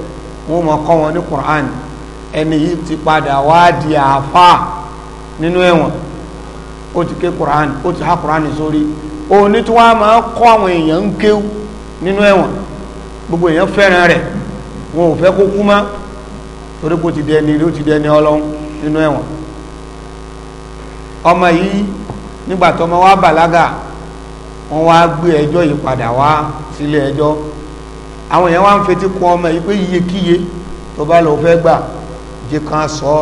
wọ́n mọ̀ kọ́ wọn ní Qur'an ẹni yìí ti padà wá di àáfà nínú ẹ̀wọ̀n ó ti ké Qur'an ó ti há Qur'an sórí òun ní tí wọ́n máa kọ́ àwọn èèyàn ń kéwú nínú ẹ̀wọ̀n gbogbo èèyàn fẹ́ràn rẹ̀ wọn ò fẹ́ kó kú mọ́ torí kó ti di ẹni rí ó ti di ẹni ọlọ́run nínú ẹ̀wọ̀n ọmọ yìí nígbà tọmọ wa bàlágà wọ́n wá gbé ẹjọ́ yìí padà wá sílé ẹjọ́ àwọn èèyàn wá ń fetí kún ọmọ yìí pé iyekíye tó bá lọ fẹ́ gbà jẹ kan sọ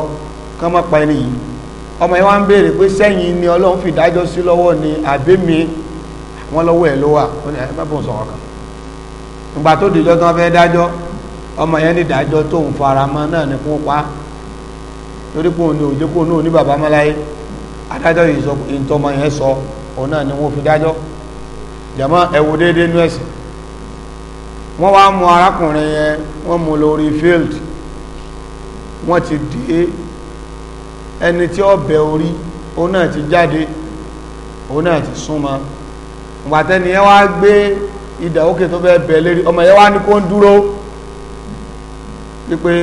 kán mọ́ pa ẹni yìí ọmọ yìí wá ń béèrè pé sẹ́yìn ni ọlọ́run fi dájọ́ sí lọ́wọ́ ni àbẹ́mi wọn lọ́wọ́ ẹ̀ ló wà ó ní ẹ má bọ̀ kan ìgbà tó dìjọ́ tán fẹ́ dájọ́ ọmọ yẹn ní ìdájọ́ tóun fara mọ́ náà ni kún pa torí kóun ní òjò kóun náà ní bàbá mọ́láyé adájọ́ ìtọ́mọ yẹn sọ òun náà ni wọ́n fi dájọ́ jama ẹ̀wò déédéé nú ẹ̀sìn wọ́n wá mú arákùnrin yẹn wọ́n mú lórí field wọ́n ti dé ẹni tí ó bẹ̀ orí òun náà ti jáde òun náà ti súnmọ́ ìgbàtẹ́ni yẹn wá gbé tó bẹ̀ lérí ọmọ yẹn wá ní kó ń dúró wípé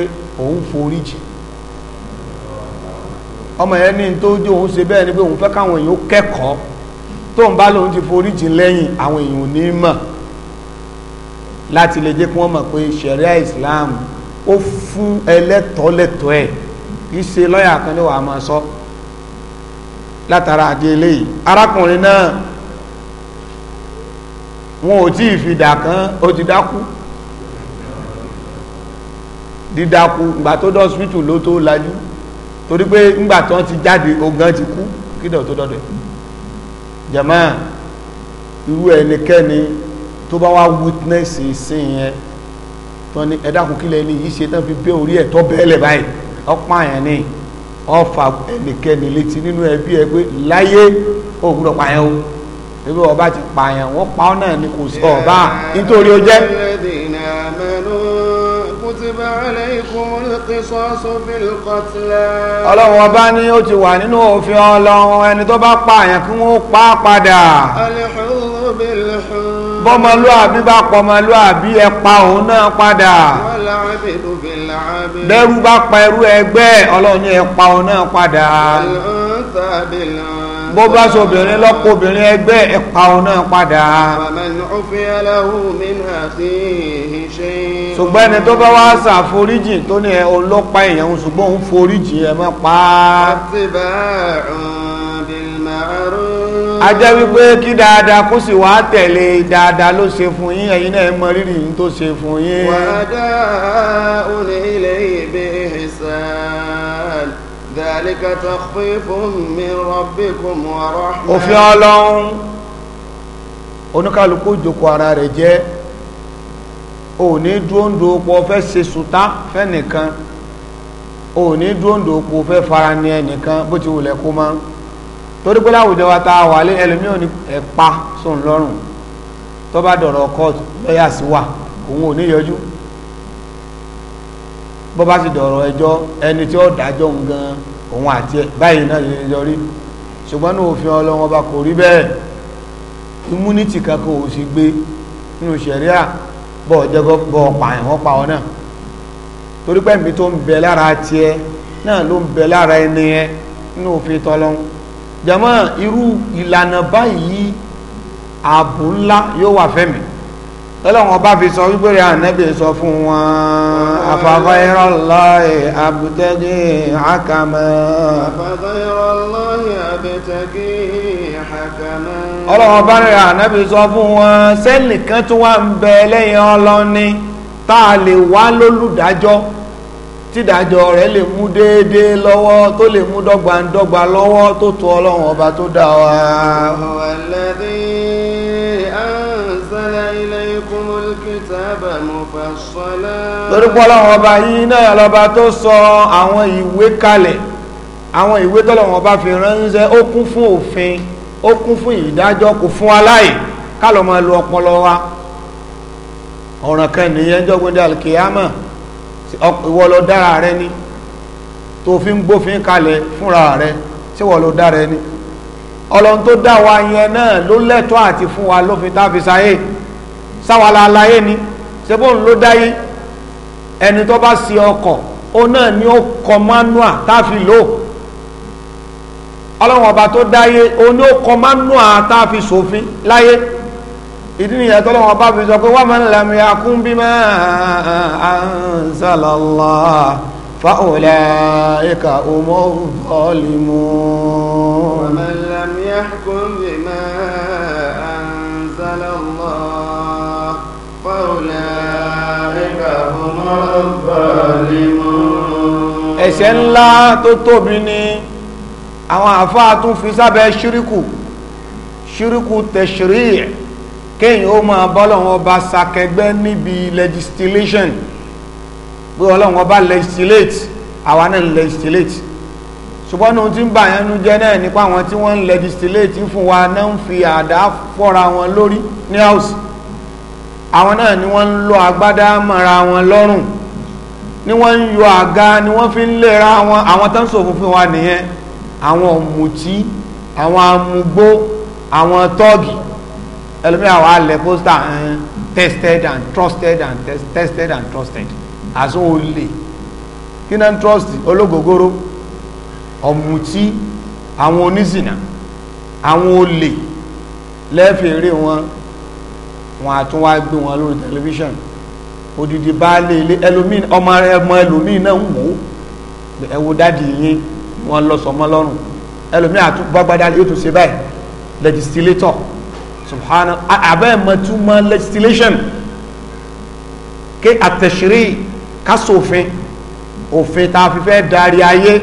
ọmọ yẹn ní tó jó òun ṣe bẹ́ẹ̀ ni pé òun fẹ́ káwọn èèyàn kẹ́kọ̀ọ́ tó ń bá lóun ti foríjì lẹ́yìn àwọn èèyàn ní mọ̀ láti lè jẹ́ kí wọ́n mọ̀ pé ṣẹ̀ríà Islam ó fún ẹlẹ́tọ̀ọ́ lẹ́tọ̀ọ́ ẹ̀ kì í ṣe lọ́yà kan ní wàá máa sọ látara àdé eléyìí arákùnrin náà wọn ò tí ì fìdà kan ó ti dákú dídákú ìgbà tó dọ́sítù ló tó lajú. La torí pé ńgbà tó ń ti jáde ogan ti kú kídọ̀ tó dọ̀dẹ̀ jama irú ẹnikẹ́ni tó bá wá witness sin yẹn tán ni ẹ̀dákun kílẹ̀ ni yìí ṣe tán fi bẹ́ orí ẹ̀ tọ́ bẹ́ẹ̀lẹ̀ báyìí ọ̀pá yẹn ni ọ̀fà ẹnikẹ́ni létí nínú ẹbí ẹ pé láyé òwúrọ̀ pààyàn o ebi ọba ti pààyàn wọ́n pa ọ́ náà ni kò sí ọba nítorí ó jẹ́ ọlọ́run ọba ni ó ti wà nínú òfin ọlọ́run ẹni tó bá pa àyàn kí wọ́n pa á padà bọ́mọlúàbí bá pọmọlúàbí ẹ pa òun náà padà bẹ́rú bá pa ẹrú ẹgbẹ́ ọlọ́run ẹ pa òun náà padà bó bá so obìnrin lọ́kọ́ obìnrin ẹgbẹ́ ẹ̀pa ọ̀nà padà. ṣùgbọ́n ẹni tó bá wá ṣàforíjì tó ní ẹ olópa èèyàn ń ṣùgbọ́n òun foríjì ẹ mọ́ pa á. a jẹ́ wípé kí dáadáa kó sì wá tẹ̀lé dáadáa ló ṣe fún yín ẹ̀yin náà mọ rírì tó ṣe fún yín. wàdà òní ilé ìbí ìsàn. ذلك تخفيف من ربكم ورحمة òfin ọlọ́run oníkàlùkù jòkó ara rẹ̀ jẹ́ ò ní dúóndòpọ̀ ṣe sùtá fẹ́nìkan ò ní dúóndòpọ̀ fẹ́ fara ní ẹnìkan bó ti wùlẹ̀ kó mọ́ torí pé láwùjọ wa ta wà lé ẹlòmíràn ní ẹ̀pa sóun tó bá dọ̀rọ̀ kóòtù lọ́yà sí wà òun ò ní yọjú bó bá sì dọ̀rọ̀ ẹjọ́ ẹni tí ó dájọ́ ń gan òun àti ẹ̀ báyìí náà yìí níjọ rí ṣùgbọ́n ní òfin ọlọ́wọ́n bá kò rí bẹ́ẹ̀ immunity kankan ò sì gbé nínú ṣẹ̀ríà bọ́ ọ̀jẹ́gọ́ bọ́ ọ̀pá ẹ̀wọ̀n pa ọ náà torí pé mi tó ń bẹ lára tiẹ̀ náà ló ń bẹ lára ẹni ẹ nínú òfin tọ́lọ́n jàmọ́ irú ìlànà báyìí ààbò ńlá yóò wà fẹ́mi tọ́lọ́wọ́n bá fi sọ wípé rẹ̀ ànẹ́bì sọ fún wọn àfàfà ìrọ̀lọ́ì àbútẹ́gì àkàmọ́ ọlọ́wọ́n bá rẹ̀ ànẹ́bì sọ fún wọn sẹ́nìkan tó wà ń bẹ lẹ́yìn ọlọ́ni tá a lè wá lólùdájọ́ tídájọ́ rẹ̀ lè mú déédé lọ́wọ́ tó lè mú dọ́gbandọ́gba lọ́wọ́ tó tó ọlọ́wọ́n ọba tó dá wa. torí pé ọlọ́run ọba yìí náà lọ́ba tó sọ àwọn ìwé kalẹ̀ àwọn ìwé tọ́lọ́run ọba fi ránṣẹ́ ó kún fún òfin ó kún fún ìdájọ́ kò fún aláì kálọ̀ máa lo ọpọlọ wa ọ̀ràn kan nìyẹn jọ́gbọ́n dé alkiyama ìwọ ló dára rẹ ni tó fi ń gbófin kalẹ̀ fúnra rẹ̀ tí wọ́n ló dára ẹni ọlọ́run tó dá wa yẹn náà ló lẹ́tọ́ àti fún wa lófin tá sáwàlà aláyé ni ṣebó ń ló dáyé ẹni tó bá sí ọkọ̀ ó náà ni ó kọ mánúà táfi lò ọlọ́run ọba tó dáyé ó ní ó kọ mánúà táfi sòfin láyé ìdí nìyẹn tó lọ́wọ́ bá fi sọ pé wọ́n máa ń lam yakun bima anzalallah fa ulaika humuz zalimun. wọ́n máa ń lam yakun ẹ̀ṣẹ̀ ńlá tó tóbi ni àwọn àfáà tún fi sábẹ́ ṣíríkù ṣíríkù tẹ̀ṣírí ẹ̀ kéyìn ó máa bọ́lọ̀wọ́n ọba sàkẹgbẹ́ níbi legislation bí ọlọ́wọ́n ọba legislate àwa náà legislate ṣùgbọ́n ohun tí ń bà yẹn nu jẹ́ náà nípa àwọn tí wọ́n legislate fún wa náà ń fi àdá fọ́ra wọn lórí ní house àwọn náà ni wọ́n ń lọ agbádá mara wọn lọ́rùn ni wọ́n ń yọ àga ni wọ́n fi ń lera wọn àwọn tó ń sòfin fún wa nìyẹn àwọn ọ̀mùtí àwọn amugbó àwọn tọ́ọ̀gì ẹlòmí àwọn alẹ́ pósítà ẹ̀hún tested and trusted and tes tested and trusted As àsún olè kí náà ń trust ológogoro ọ̀mùtí àwọn onísìnà àwọn olè lẹ́fẹ̀ẹ́ rí wọn wọn a tún wá gbé wọn lórí tẹlifíṣàn odidi baálé ilé ẹlòmíì ọmọ rẹ ọmọ ẹlòmíì náà ń wò ó ẹ wo dáàdi yín wọn lọ sọmọ lọrùn ẹlòmíì àtún gbàgbàdà yóò tún ṣe báyìí legislator subhana abẹ́ mọ̀túmọ̀ legislation ké àtẹ̀sírí kásòfin òfin tá a fi fẹ́ darí ayé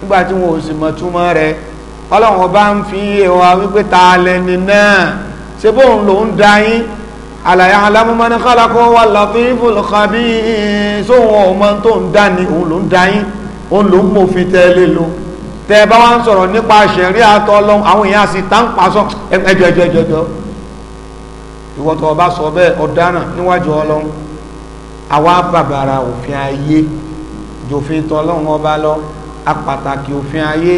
nígbà tí wọn ò sì mọ̀túmọ̀ rẹ̀ ọlọ́run ọba ń fi hàn wípé ta lẹni náà ṣe bóun lòun da yín àlàyé alámúmọ́ni kálákọ́ wà latiful khabir sóhun ọmọ tó ń dá ni òun ló ń da yín òun ló ń mòfin tẹ́lẹ̀ lo tẹ́ ẹ bá wá ń sọ̀rọ̀ nípa ṣẹ̀rí àtọ́ lọ́hùn àwọn èèyàn sì tá ń pa sọ ẹjọ ẹjọ ẹjọ ẹjọ ìwọ tó bá sọ bẹ́ẹ̀ òfin ayé jòfin tọ́lọ́hun ọba lọ apàtàkì òfin ayé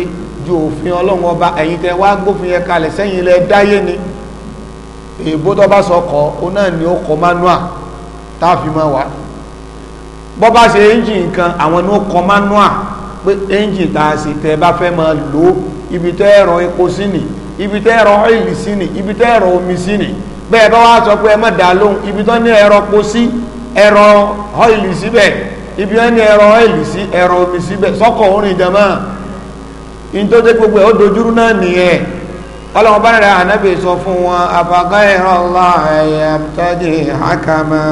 ju òfin ọlọ́hun ọba ẹ̀yin tẹ́ wá gbófin yẹn kalẹ̀ sẹ́yìn ilẹ̀ dáyé ni èèbó tó bá sọ kọ́ ó náà ni ó kọ́ manual tá a fi máa wà bọ́ bá ṣe engine kan àwọn ni ó kọ́ manual pé engine tá a ṣe tẹ́ bá fẹ́ máa lò ó ibi tẹ́ ẹ̀rọ epo sí ni ibi tẹ́ ẹ̀rọ ọ́ìlì sí ni ibi tẹ́ ẹ̀rọ omi sí ni bẹ́ẹ̀ bá wá sọ pé ẹ má dá ibi tó ní ẹ̀rọ po sí ẹ̀rọ ọ́ìlì síbẹ̀ ibi wọn ní ẹ̀rọ ọ́ìlì sí ẹ̀rọ omi síbẹ̀ sọ́kọ̀ orin jama ní tó dé gbogbo ẹ̀ ó dojúrú náà nìyẹn ọlọ́run bá rẹ̀ ànábì sọ fún wọn afagayra Allahi abtadi hakama.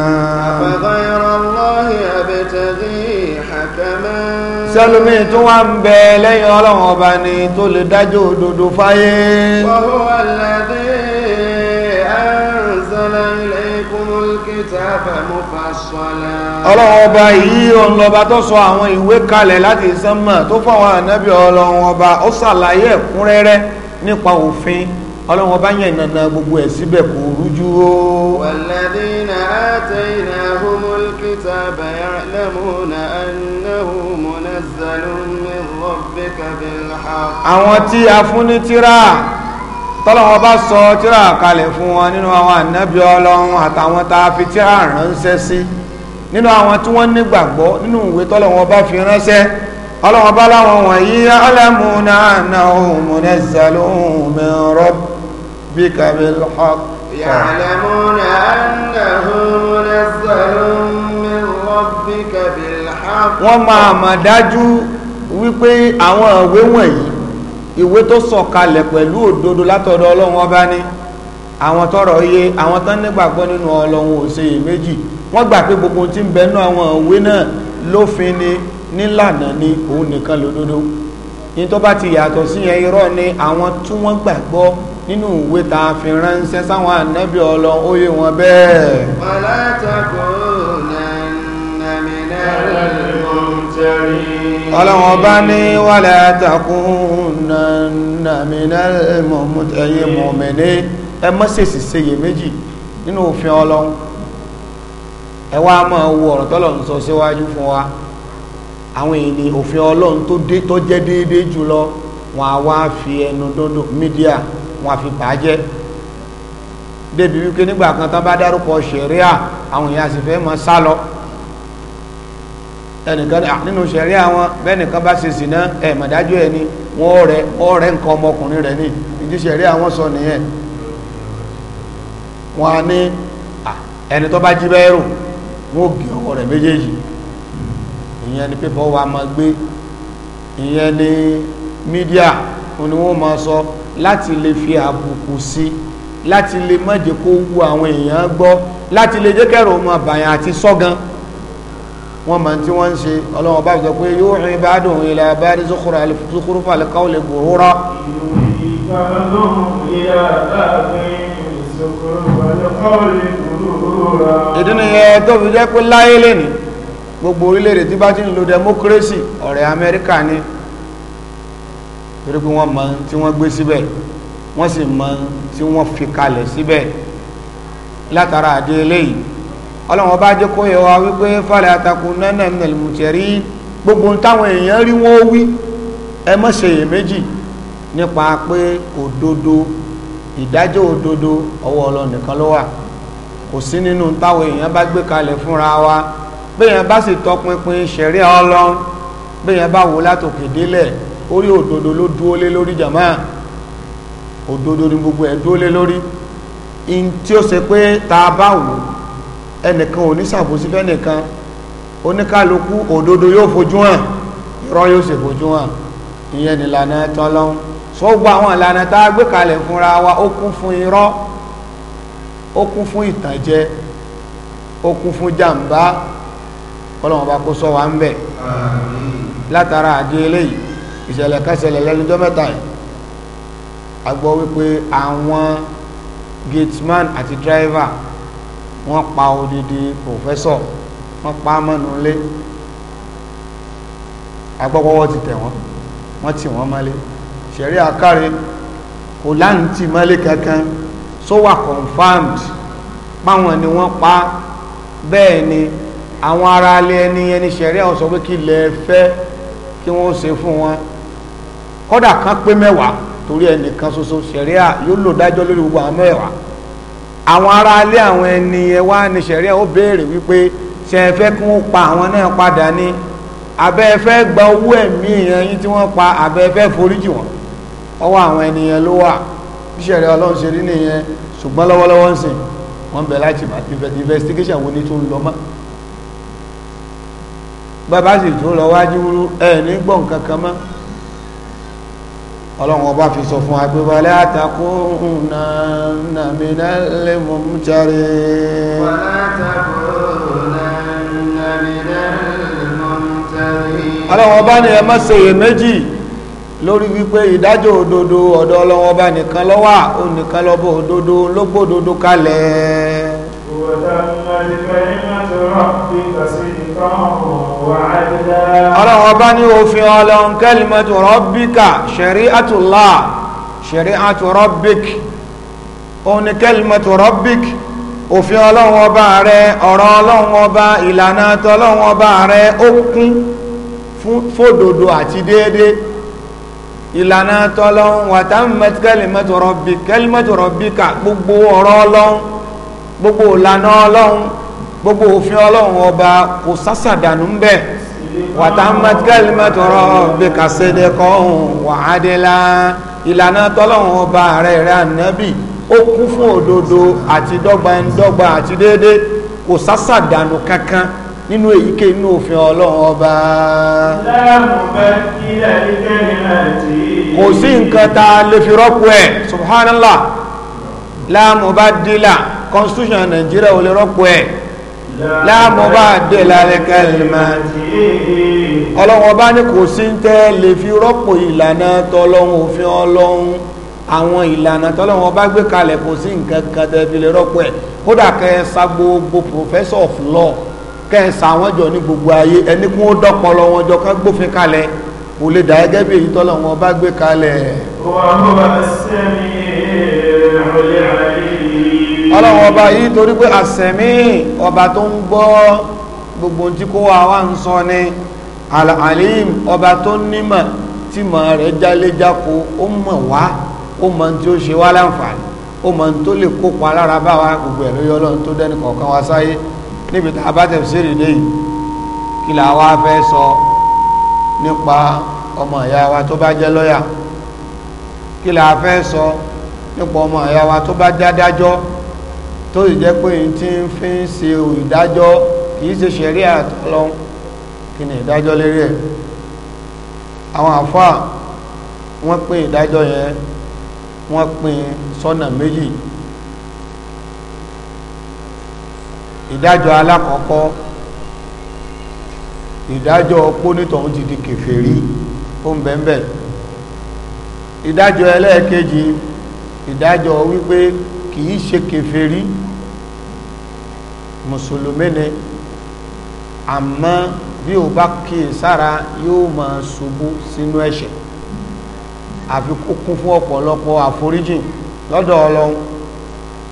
afagayra Allahi abtadi hakama. sẹ́lómi tó wá ń bẹ lẹ́yìn ọlọ́run ọba ni tó lè dájọ́ òdodo fáyé. wa huwa alladhi anzala ilaykumul kitaba ọlọ́run ọba yìí òun tó sọ àwọn ìwé kalẹ̀ láti sánmà tó fọwọ́ ànábì ọlọ́run ọba ó ṣàlàyé ẹ̀kúnrẹ́rẹ́ nípa òfin ọlọ́run ọba yẹn nana gbogbo ẹ̀ síbẹ̀ kò rújú o. walladhina ataynahumul kitaba ya'lamuna annahu munazzalun min rabbika bil haqq. àwọn tí a fún ní tírà tọ́lọ́wọ́ bá sọ tírà kalẹ̀ fún wọn nínú àwọn ànábì ọlọ́run àtàwọn tá a fi tírà ránṣẹ́ sí nínú àwọn tí wọ́n nígbàgbọ́ nínú ìwé tọ́lọ́wọ́ bá fi ránṣẹ́ ọlọ́wọ́n bá láwọn wọ̀nyí alámúná náà munazzalun min rabbika bil haqq يعلمون أنه منزل من ربك بالحق wọ́n máa mà dájú wípé àwọn ìwé wọ̀nyí ìwé tó sọ̀kalẹ̀ pẹ̀lú òdodo látọ̀dọ̀ ọlọ́run ọba ní àwọn tọrọ iye àwọn tán nígbàgbọ́ nínú ọlọ́run ò ṣe wọ́n gbà pé gbogbo tí ń bẹ nú àwọn ìwé náà lófin ni nílànà ni òun nìkan lòdodo ní tó bá ti yàtọ̀ sí yẹn irọ́ ni àwọn tí wọ́n gbàgbọ́ nínú ìwé ta fi ránṣẹ́ sáwọn ànábì ọlọ ó wọn bẹ́ẹ̀. ọlọ́wọ́n bá ní wala takunanna minal mumtarin mọ̀mẹ́lẹ́ ẹ mọ́sẹ̀sì àwọn ènìyàn òfin ọlọ́run tó dé tó jẹ́ déédéé jùlọ wọn a wá fi ẹnu dúndùn mídíà wọn a fi bàjẹ́ débi wípé nígbà kan tán bá dárúkọ ṣẹ̀ríà àwọn èèyàn sì fẹ́ mọ́ sá lọ ẹnìkan nínú ṣẹ̀ríà wọn bẹ́ẹ̀ bá ṣe sìná ẹ̀ mọ̀dájú ẹ̀ ni wọ́n rẹ̀ wọ́n rẹ̀ nǹkan ọmọkùnrin rẹ̀ ni ìdí ṣẹ̀ríà wọn sọ nìyẹn wọn a ní ẹni tó bá jí bẹ́ẹ̀ rò wọn ò gé ọwọ́ rẹ̀ méjèèjì ìyẹn ni pépà wà máa gbé ìyẹn ni mídíà ni wọ́n máa sọ láti lè fi àbùkù sí láti lè má jẹ́ kó wú àwọn èèyàn gbọ́ láti lè jẹ́ kẹ́rù ọmọ àbàyàn àti sọ́gan wọ́n máa tí wọ́n ń ṣe ọlọ́wọ́n bá sọ pé yóò rìn ìbádùn ilẹ̀ abáyé zukuru falikau lè gbòòrò. ìdí nìyẹn tó fi jẹ́ pé láyé lẹ́nìí gbogbo orílẹ̀-èdè tí bá ti ń lo democracy ọ̀rẹ́ amẹ́ríkà ni torí pé wọ́n mọ tí wọ́n gbé síbẹ̀ wọ́n sì mọ tí wọ́n fi kalẹ̀ síbẹ̀ látara àdé eléyìí ọlọ́run ọba jẹ́ kó yẹ wa wípé fàlẹ́ atakùn nánà nàìmùtẹ̀rí gbogbo táwọn èèyàn rí wọ́n wí ẹ má ṣeyèméjì nípa pé òdodo ìdájọ́ òdodo ọwọ́ ọlọ́run ló wà kò sí nínú táwọn èèyàn bá gbé kalẹ̀ fúnra wa bẹ́yẹn bá sì tọpinpin ṣẹ̀rí ọlọ́run bẹ́yẹn bá wò látòkè délẹ̀ orí òdodo ló dúó lé lórí jàmá òdodo ni gbogbo ẹ̀ dúó lé lórí in tí ó ṣe pé ta bá wò ẹnìkan ò ní ṣàbòsí fẹ́nìkan oníkálukú òdodo yóò fojú hàn irọ́ yóò sì fojú hàn ìyẹn ni ìlànà tọ́lọ́run sọ́gbọ́ àwọn ìlànà tá a gbé kalẹ̀ fúnra wa ó kún fún irọ́ ó kún fún ìtànjẹ ó kún fún jàǹbá kọ́lọ́wọ́n bá kó sọ wa ń bẹ̀ látara àdí eléyìí ìṣẹ̀lẹ̀ kẹsẹ̀lẹ̀ lẹ́nujọ́ mẹ́ta yìí a wípé àwọn gateman àti driver wọ́n pa odidi professor wọ́n pa mọ́nu lé agbọ́gbọ́wọ́ ti tẹ̀ wọ́n wọ́n tì wọ́n mọ́lé ṣẹ̀rí àkárí kò láǹtì mọ́lé kankan só confirmed páwọn ni wọ́n pa bẹ́ẹ̀ ni àwọn ará alẹ́ ẹni ẹni ṣẹ̀rí àwọn sọ pé kí lẹ fẹ́ kí wọ́n ṣe fún wọn kọ́dà kan pé mẹ́wàá torí ẹnìkan ṣoṣo ṣẹ̀rí à yóò lò dájọ́ lórí gbogbo àwọn mẹ́wàá àwọn ará alẹ́ àwọn ẹni ẹ wá ní ṣẹ̀rí ó béèrè wípé ṣe ẹ fẹ́ kí wọ́n pa àwọn náà padà ní abẹ́ ẹ fẹ́ gba owó ẹ̀mí èèyàn yín tí wọ́n pa abẹ́ ẹ fẹ́ foríjì wọn ọwọ́ àwọn ènìyàn ló wà bí ṣẹ̀rí ọlọ́run ṣe rí nìyẹn ṣùgbọ́n lọ́wọ́lọ́wọ́ ń sìn wọ́n bẹ̀ láti investigation wo ni tó ń lọ mọ́ bàbá sì tún lọ wájú wúrú ẹ ní gbọ̀n kankan mọ́ ọlọ́run ọba fi sọ fún wa pé wàlẹ́ àtàkù nàmínà lè mú mú járe ọlọ́run ọba ni ẹ má ṣe iyèméjì lórí wípé ìdájọ́ òdodo ọ̀dọ̀ ọlọ́run ọba nìkan ló wà lọ́bọ̀ òdodo ló kalẹ̀ ọ̀dọ̀ ọlọ́run ọba nìkan ló wà lọ́bọ̀ òdodo kalẹ̀ ọlọ́run ọba ní òfin ọlọ́run kalimatu rabbika shari'atullah shari'atu rabbik òun ni kalimatu rabbik òfin ọlọ́run ọba rẹ ọ̀rọ̀ ọlọ́run ọba ìlànà tọ́lọ́run ọba rẹ ó kún fódòdó àti déédéé ìlànà tọ́lọ́run watammat kalimatu rabbik gbogbo ọ̀rọ̀ ọlọ́run gbogbo ìlànà ọlọ́run gbogbo òfin ọlọ́run ọba kò sásàdànù ń bẹ̀ wàtàmàtí kálímà tọrọ bí kàṣẹ́dẹ̀ kọ́hún wàhádẹ́lá ìlànà tọ́lọ́run ọba rẹ̀ rẹ̀ ànábì ó kún fún òdodo àti dọ́gba ẹni àti déédé kò sásàdànù kankan nínú èyíké inú òfin ọlọ́run ọba kò sí nǹkan ta lè fi rọ́pò ẹ̀ subhanallah láàmú bá constitution Nàìjíríà ò lè rọ́pò ẹ̀ La bá dé lálẹ́ kẹ́lìmá ọlọ́run ọba ní kò sí ń tẹ́ lè fi rọ́pò ìlànà tọlọ́run òfin ọlọ́run àwọn ìlànà tọlọ́run ọba gbé kalẹ̀ kò sí nǹkan kan tẹ́ fi lè rọ́pò ẹ̀ kódà kẹsà gbogbo professor of law kẹsà àwọn jọ ní gbogbo ayé ẹni kún ó dọ́pọ̀lọ wọn jọ ká gbófin kalẹ̀ kò lè dà gẹ́gẹ́ bí èyí tọlọ́run ọba gbé kalẹ̀. wàhùn àṣẹ mi rẹ̀ lọ́lẹ́ àlẹ́ ọlọ́run ọba yìí torí pé àsẹ̀mí ọba tó ń gbọ́ gbogbo tí kó wà wá ń sọ ni alim ọba tó nímọ̀ tí mọ̀ rẹ̀ jáléjáko ó mọ̀ wá ó mọ̀ tí ó ṣe wá láǹfààní ó mọ̀ tó lè kópa lára bá wa gbogbo ẹ̀ lóyọ́ ọlọ́run tó dẹ́nu kọ̀ọ̀kan wá sáyé níbi tá a bá tẹ̀ sí rèé yìí kí là wá fẹ́ sọ nípa ọmọ ìyá tó bá jẹ́ lọ́yà tó sì jẹ́ pé n ti fi ń ṣe ìdájọ́ kìí ṣe ṣẹ̀rí àtọ́lọ́ kí ni ìdájọ́ lérí ẹ̀ àwọn àfáà wọ́n pín ìdájọ́ yẹn wọ́n pín sọ́nà méjì ìdájọ́ alákọ̀ọ́kọ́ ìdájọ́ pónítọ̀ ti di kèfèrí ó ń bẹ̀m̀bẹ̀ ìdájọ́ ẹlẹ́ẹ̀kejì ìdájọ́ wípé kìí ṣe kèfèrí mùsùlùmí ni àmọ́ bí o bá kíyè sára yóò máa ṣubú sínú ẹ̀ṣẹ̀ àfi kó kún fún ọ̀pọ̀lọpọ̀ àforíjìn lọ́dọ̀ ọlọ́run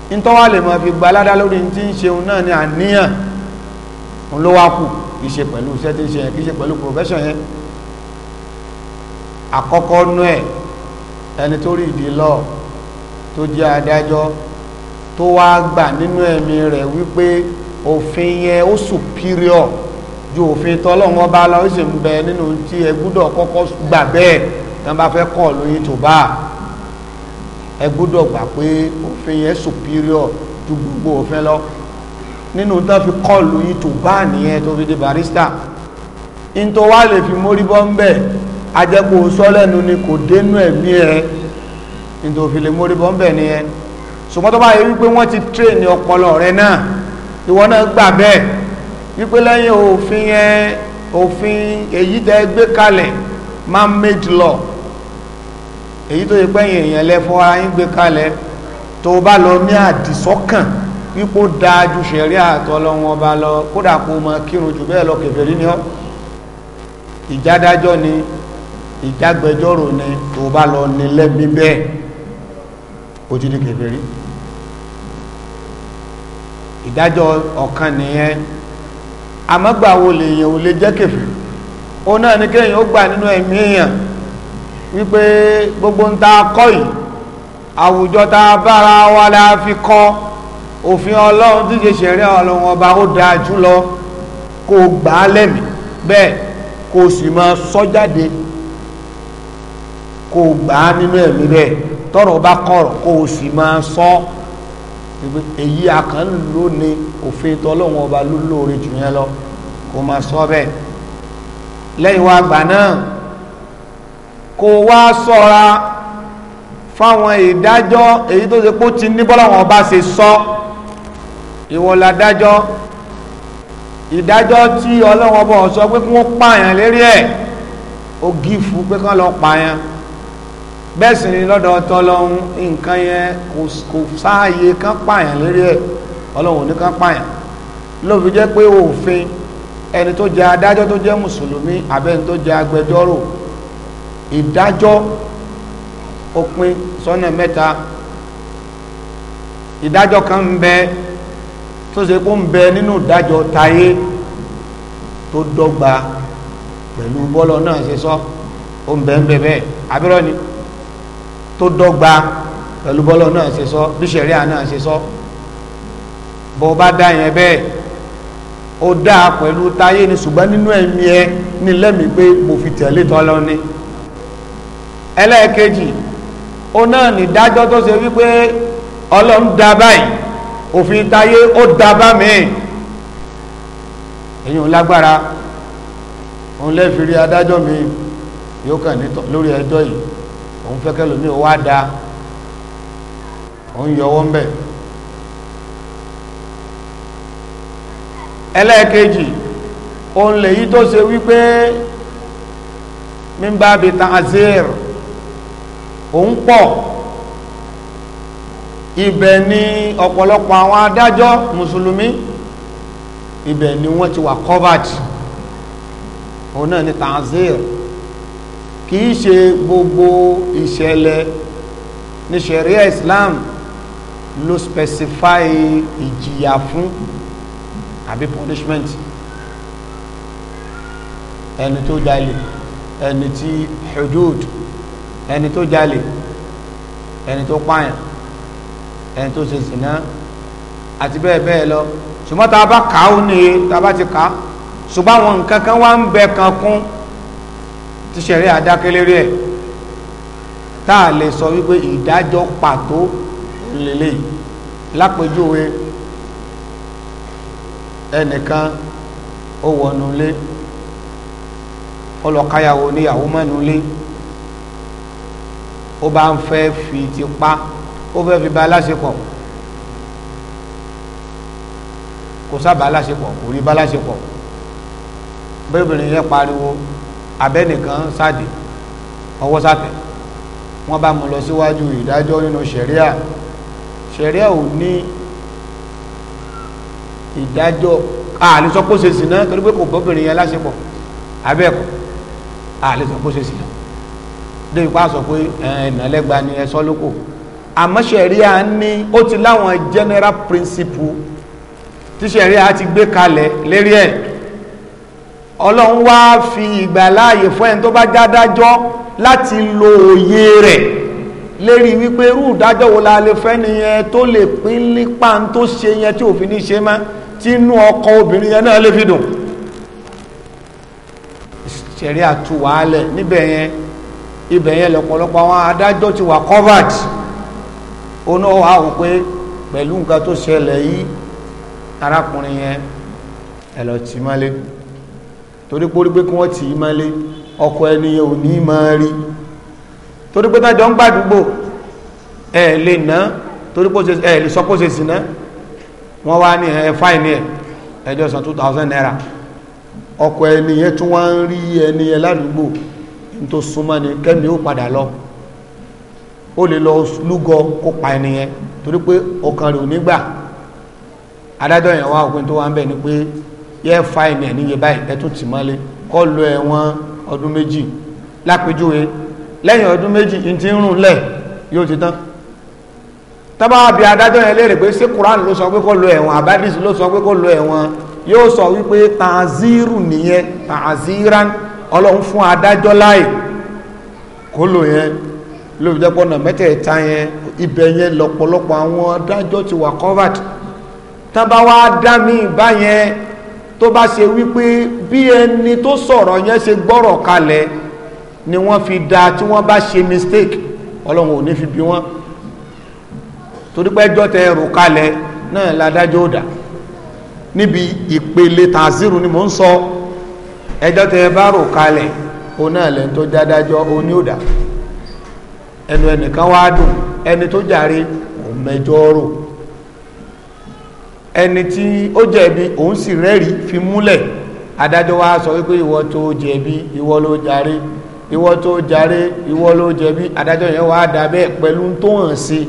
nítọ́wà lè máa fi gba aládá lórí tí ń ṣeun náà ni àníyàn òun ló wá kù kìí ṣe pẹ̀lú iṣẹ́ tí ń ṣe yẹn kìí ṣe pẹ̀lú profession yẹn àkọ́kọ́ nú ẹ̀ ẹni tó rí ìdí lọ́ọ̀ tó jẹ́ adájọ́ tó wá gbà nínú ẹ̀mí rẹ̀ wípé òfin yẹn ó superior ju òfin tọ́lọ́wọ́n bá lọ ó sì ń bẹ nínú tí ẹ gbúdọ̀ kọ́kọ́ gbà bẹ́ẹ̀ tí wọ́n bá fẹ́ kọ́ lóyún tó bá ẹ gbà pé òfin yẹn superior ju gbogbo òfin lọ nínú tó fi kọ́ lóyún tó bá nìyẹn tó fi di barista in tó wá lè fi mórí bọ́ ń bẹ̀ ajẹ́pọ̀ sọ́lẹ́nu ni kò dénú ẹ̀mí ẹ in tó fi lè mórí bọ́ ń bẹ̀ nìyẹn ṣùgbọ́n tó bá yẹ wípé wọ́n ti train ọpọlọ rẹ náà ìwọ náà gbà bẹ́ẹ̀ wípé lẹ́yìn òfin yẹn òfin èyí tẹ́ gbé kalẹ̀ man made law èyí tó yẹ pẹ́yìn èèyàn lẹ́fọ́ ara yín gbé kalẹ̀ tó bá lọ ní àdìsọ́kàn wípé ó dáa ju ṣẹ̀rí àtọlọ́wọ́n ọba lọ kódà kó mọ kírun jù bẹ́ẹ̀ lọ kèfèrí ni ọ́ ìjádájọ́ ni ìjágbẹjọ́rò ni tó bá lọ nílẹ̀ bíbẹ́ẹ̀ ó ti di kèfèrí ìdájọ́ ọ̀kan nìyẹn àmọ́gbà wo lèèyàn ò lè jẹ́ kèfèrí òun náà ní kéèyàn ó gbà nínú ẹ̀mí èèyàn wípé gbogbo ń ta kọ́ yìí àwùjọ ta bára wa la fi kọ́ òfin ọlọ́run tí ṣe ṣẹ̀rẹ́ ọlọ́run ọba ó dáa jùlọ kó gbà á lẹ́mìí bẹ́ẹ̀ kó sì máa sọ jáde kó gbà á nínú ẹ̀mí bẹ́ẹ̀ tọrọ bá kọrọ kó o sì máa sọ èyí àkàn lónìí òfin tọlọ́wọ́n ọba lólóore jù yẹn lọ kó máa sọ bẹ́ẹ̀ lẹ́yìn wá gbà náà kó wá sọ́ra fáwọn ìdájọ́ èyí tó ṣe pé ó ti ní bọ́lọ́wọ́n ọba ṣe sọ ìwọ̀lá dájọ́ ìdájọ́ tí ọlọ́wọ́n ọba sọ pé kí wọ́n pààyàn lérí ẹ̀ ó gífù pé kán lọ pààyàn bẹ́ẹ̀ sì ni lọ́dọ̀ tọ́lọ́hún nǹkan yẹn kò sáàyè kán pààyàn lérí ẹ̀ ọlọ́run ò ní kán pààyàn ló jẹ́ pé òfin ẹni tó jẹ́ adájọ́ tó jẹ́ mùsùlùmí àbẹ́ni tó jẹ́ agbẹjọ́rò ìdájọ́ òpin sọ́nà mẹ́ta ìdájọ́ kan ń bẹ tó ṣe kó ń bẹ nínú ìdájọ́ tayé tó dọ́gba pẹ̀lú bọ́lọ̀ náà ṣe sọ ó ń bẹ ń bẹ bẹ́ẹ̀ abẹ́rọ́ ni. tó dọ́gba pẹ̀lú bọ́lọ̀ náà ṣe sọ bí ṣẹ̀ríà náà ṣe sọ bọ́ bá dá yẹn bẹ́ẹ̀ ó dáa pẹ̀lú táyé ni ṣùgbọ́n nínú ẹ̀mí ẹ ní lẹ́mìí pé mo fi tẹ̀lé tọ́lọ́ ni ẹlẹ́ẹ̀kejì ó náà ní dájọ́ tó ṣe wípé ọlọ́run dá báyìí òfin táyé ó dá bá mi èyí òun fẹ́ kẹlòmíì ó wá da òun yọwọ́ ń bẹ̀ ẹlẹ́ẹ̀kejì òun lèyí tó ṣe wípé mímbà bíi ta'azir òun pọ̀ ibẹ̀ ni ọ̀pọ̀lọpọ̀ àwọn adájọ́ mùsùlùmí ibẹ̀ ni wọ́n ti wà covered òun náà ni ta'azir kìí ṣe gbogbo ìṣẹ̀lẹ̀ ní ṣẹ̀ríà Islam ló specify ìjìyà fún àbí punishment ẹni tó jalè ẹni tí hudud ẹni tó jalè ẹni tó pààyàn ẹni tó ṣe zìnà àti bẹ́ẹ̀ bẹ́ẹ̀ lọ ṣùgbọ́n tá a bá kàá ó ní tá a bá ti kàá ṣùgbọ́n àwọn nǹkan kan wá ń bẹ kan tí sẹ̀rí àdákẹ́lérí ẹ̀ tá a lè sọ wípé ìdájọ́ pàtó lélẹ̀ lápèjúwe ẹnìkan ó wọnú ilé ọlọ́káyàwó níyàwó mẹ́nu ilé ó bá ń fẹ́ fi tipa ó fẹ́ fi ba aláṣepọ̀ kò sábà aláṣepọ̀ kò rí ba aláṣepọ̀ bẹ́ẹ̀ obìnrin yẹn pariwo abẹ́nìkan sáde ọwọ́ sátẹ̀ wọ́n bá mú lọ síwájú ìdájọ́ nínú ṣẹ̀ríà ṣẹ̀ríà ò ní ìdájọ́ ààlè sọ pé ó ṣe sì náà torí pé kò bọ́bìnrin yẹn láṣepọ̀ abẹ́ẹ̀kọ́ ààlè sọ pé ó ṣe sì náà débi pa sọ pé ẹ̀ẹ́dínlẹ́gba ni ẹ sọ lóko àmọ́ ṣẹ̀ríà ní ó ti láwọn general principle tí ṣẹ̀ríà ti gbé kalẹ̀ lérí ẹ̀ ọlọ́run wá fi ìgbàláàyè fún ẹni tó bá jádájọ́ láti lo òye rẹ̀ lérí wípé irú ìdájọ́ wo la lè fẹ́ nìyẹn tó lè pín lípa tó ṣe yẹn tí òfin ní ṣe má tí inú ọkọ obìnrin yẹn náà lè fi dùn ṣẹ̀rí àtúwàálẹ̀ níbẹ̀ yẹn ibẹ̀ yẹn lọ́pọ̀lọpọ̀ àwọn adájọ́ ti wà covered oná wà ó pé pẹ̀lú nǹkan tó ṣẹlẹ̀ yìí arákùnrin yẹn ẹ lọ tì mọ́lé torí pé orí pé kí wọ́n tì í mọ́lé ọkọ̀ ẹni ò ní máa rí torí pé tájọ ń gbàdúgbò ẹ lè ná torí pé ẹ lè sọ pé ṣe sí ná wọ́n wá ní ẹ fáìní ẹ ẹjọ́ san two thousand naira ọkọ̀ ẹni yẹn tún ń rí ẹni ládùúgbò tó súnmọ́ ni kẹ́mi ó padà lọ ó lè lọ lúgọ kó pa ẹni yẹn torí pé ọkàn rẹ̀ ò ní gbà adájọ́ yẹn wá òpin tó wá ń bẹ̀ ni pé yẹ fáìnì ẹ̀ níye báyìí ẹ tún tì mọ́lé kọ́ lọ ẹ̀wọ̀n ọdún méjì lápèjúwe lẹ́yìn ọdún méjì n ti ń rún lẹ̀ yóò ti tán tábà bí adájọ́ yẹn léèrè pé ṣé Quran ló sọ pé kó lọ ẹ̀wọ̀n abadis ló sọ pé kó lọ ẹ̀wọ̀n yóò sọ wípé tàzírù nìyẹn tàzíran ọlọ́run fún adájọ́ láì kó lò yẹn lóbi jẹ́ pọ́nà mẹ́tẹ̀ẹ̀ta yẹn ibẹ̀ yẹn lọ́pọ̀lọpọ̀ àwọn adájọ́ ti wà covered tábà wá dá mi báyẹn tó bá ṣe wípé bí ẹni tó sọ̀rọ̀ yẹn ṣe gbọ́rọ̀ kalẹ̀ ni wọ́n fi da tí wọ́n bá ṣe mistake ọlọ́run ò ní fi bí wọ́n torí pé ẹjọ́ tẹ ẹrù kalẹ̀ náà ládájọ́ ò dà níbi ìpele tàzírù ni mò ń sọ ẹjọ́ tẹ ẹ bá rò kalẹ̀ òun náà lẹ́nu tó jádájọ́ òun ní ò dà ẹnu ẹnìkan wá dùn ẹni tó jàre òun mẹjọ́ rò ẹni tí ó jẹ̀bi òun sì rẹ́rìí fi múlẹ̀ adájọ́ wa sọ wípé ìwọ tó jẹ̀bi ìwọ ló jàre ìwọ tó jàre ìwọ ló jẹ̀bi adájọ́ yẹn wàá dà bẹ́ẹ̀ pẹ̀lú tó hàn sí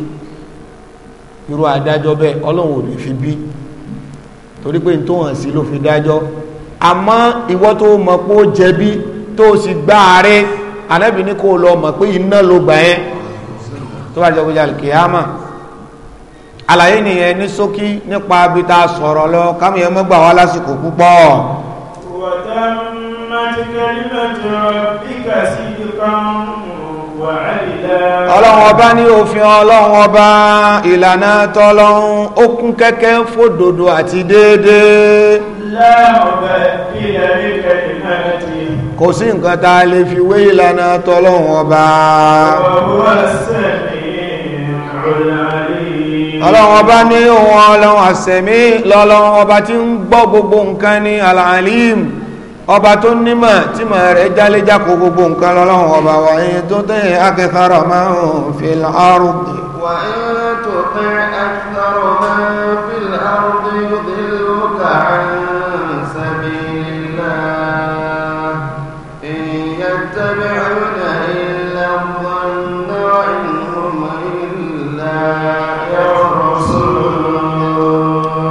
irú adájọ́ bẹ́ẹ̀ ọlọ́run ò lè fi bí torí pé tó hàn sí ló fi dájọ́ àmọ́ ìwọ tó mọ̀ pé ó jẹ̀bi tó sì gbá ààrẹ anábì ní lọ mọ̀ pé iná ló gbà yẹn tó bá jẹ́ kó jà kìámà àlàyé nìyẹn ní ṣókí nípa abita sọ̀rọ̀ lọ kámi ẹ mọ́gbà wá lásìkò púpọ̀ ọlọ́run ọba ní òfin ọlọ́run ọba ìlànà tọ́lọ́run ó kún kẹ́kẹ́ fòdòdó àti déédéé kò sí nǹkan tá a lè fi wé ìlànà tọ́lọ́run ọba ọ̀rọ̀ ọlọ́run ọba ní ohun ọlọ́run àsẹ̀mí lọ́lọ́run ọba tí ń gbọ́ gbogbo nǹkan ní alalim ọba tó nímọ̀ tí mọ̀ rẹ̀ jáléjákò gbogbo nǹkan lọ́lọ́run ọba wà ní tó tẹ́ akẹ́kọ̀ọ́ máa ń fi àrùn wà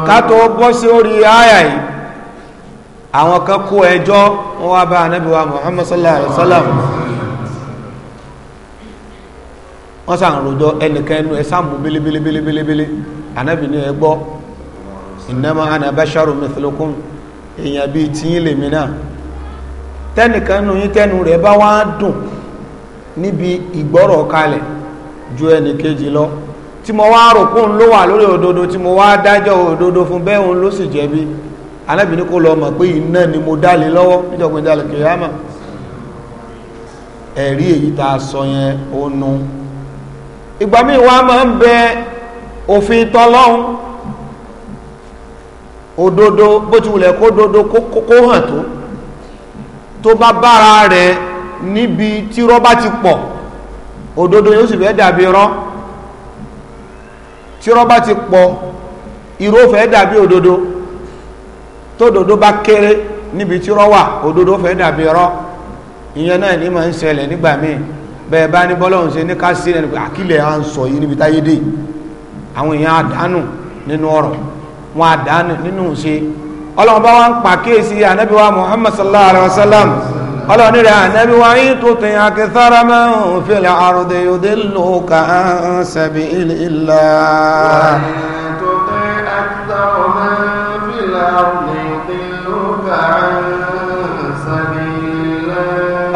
ká tó bọ́ sí orí àyà yìí àwọn kan kó ẹjọ́ wọn wá bá anábì wa Muhammad sallallahu alaihi wọ́n sàn rojọ́ ẹnìkan ẹnu ẹ anábì ẹ ana èèyàn bíi tiyín lèmi náà tẹnìkan tẹnu rẹ̀ bá wá dùn níbi ìgbọ́rọ̀ tí mo wá rò kóun ló wà lórí òdodo tí mo wá dájọ́ òdodo fún bẹ́ẹ̀ òun ló sì jẹ̀bi Ànábì ní kó lọ mọ̀ pé iná ni mo dálé lọ́wọ́ níjọ̀gbìn dálé kìyàmà ẹ̀rí èyí ta sọ yẹn ó nu ìgbà míì wá máa ń bẹ òfin tọlọ́hún òdodo bó ti wùlẹ̀ kó dodo kó hàn tó tó bá bára rẹ̀ níbi tí ti pọ̀ òdodo yóò sì fẹ́ tí rọ́bà ti pọ̀ irọ́ fẹ́ dàbí òdodo tó òdodo bá kéré níbi tí irọ́ wà òdodo fẹ́ dàbí irọ́ ìyẹn náà ní máa ń ṣẹlẹ̀ nígbà míì bẹ́ẹ̀ bá ní bọ́lọ́hún ṣe ní ká sí ẹni pé àkílẹ̀ à ń sọ yìí níbi táyé dé àwọn èèyàn àdánù nínú ọ̀rọ̀ wọn àdánù nínú ṣe ọlọ́run bá ń pàkíyèsí ànábì wa Muhammad sallallahu alaihi wa sallam ọlọ́ni rẹ̀ ànẹ́bí wa yí tó tẹ̀ àkẹsára mẹ́rin fílẹ̀ àrùdẹ̀ yóò lò ká ń sẹ̀bí ilá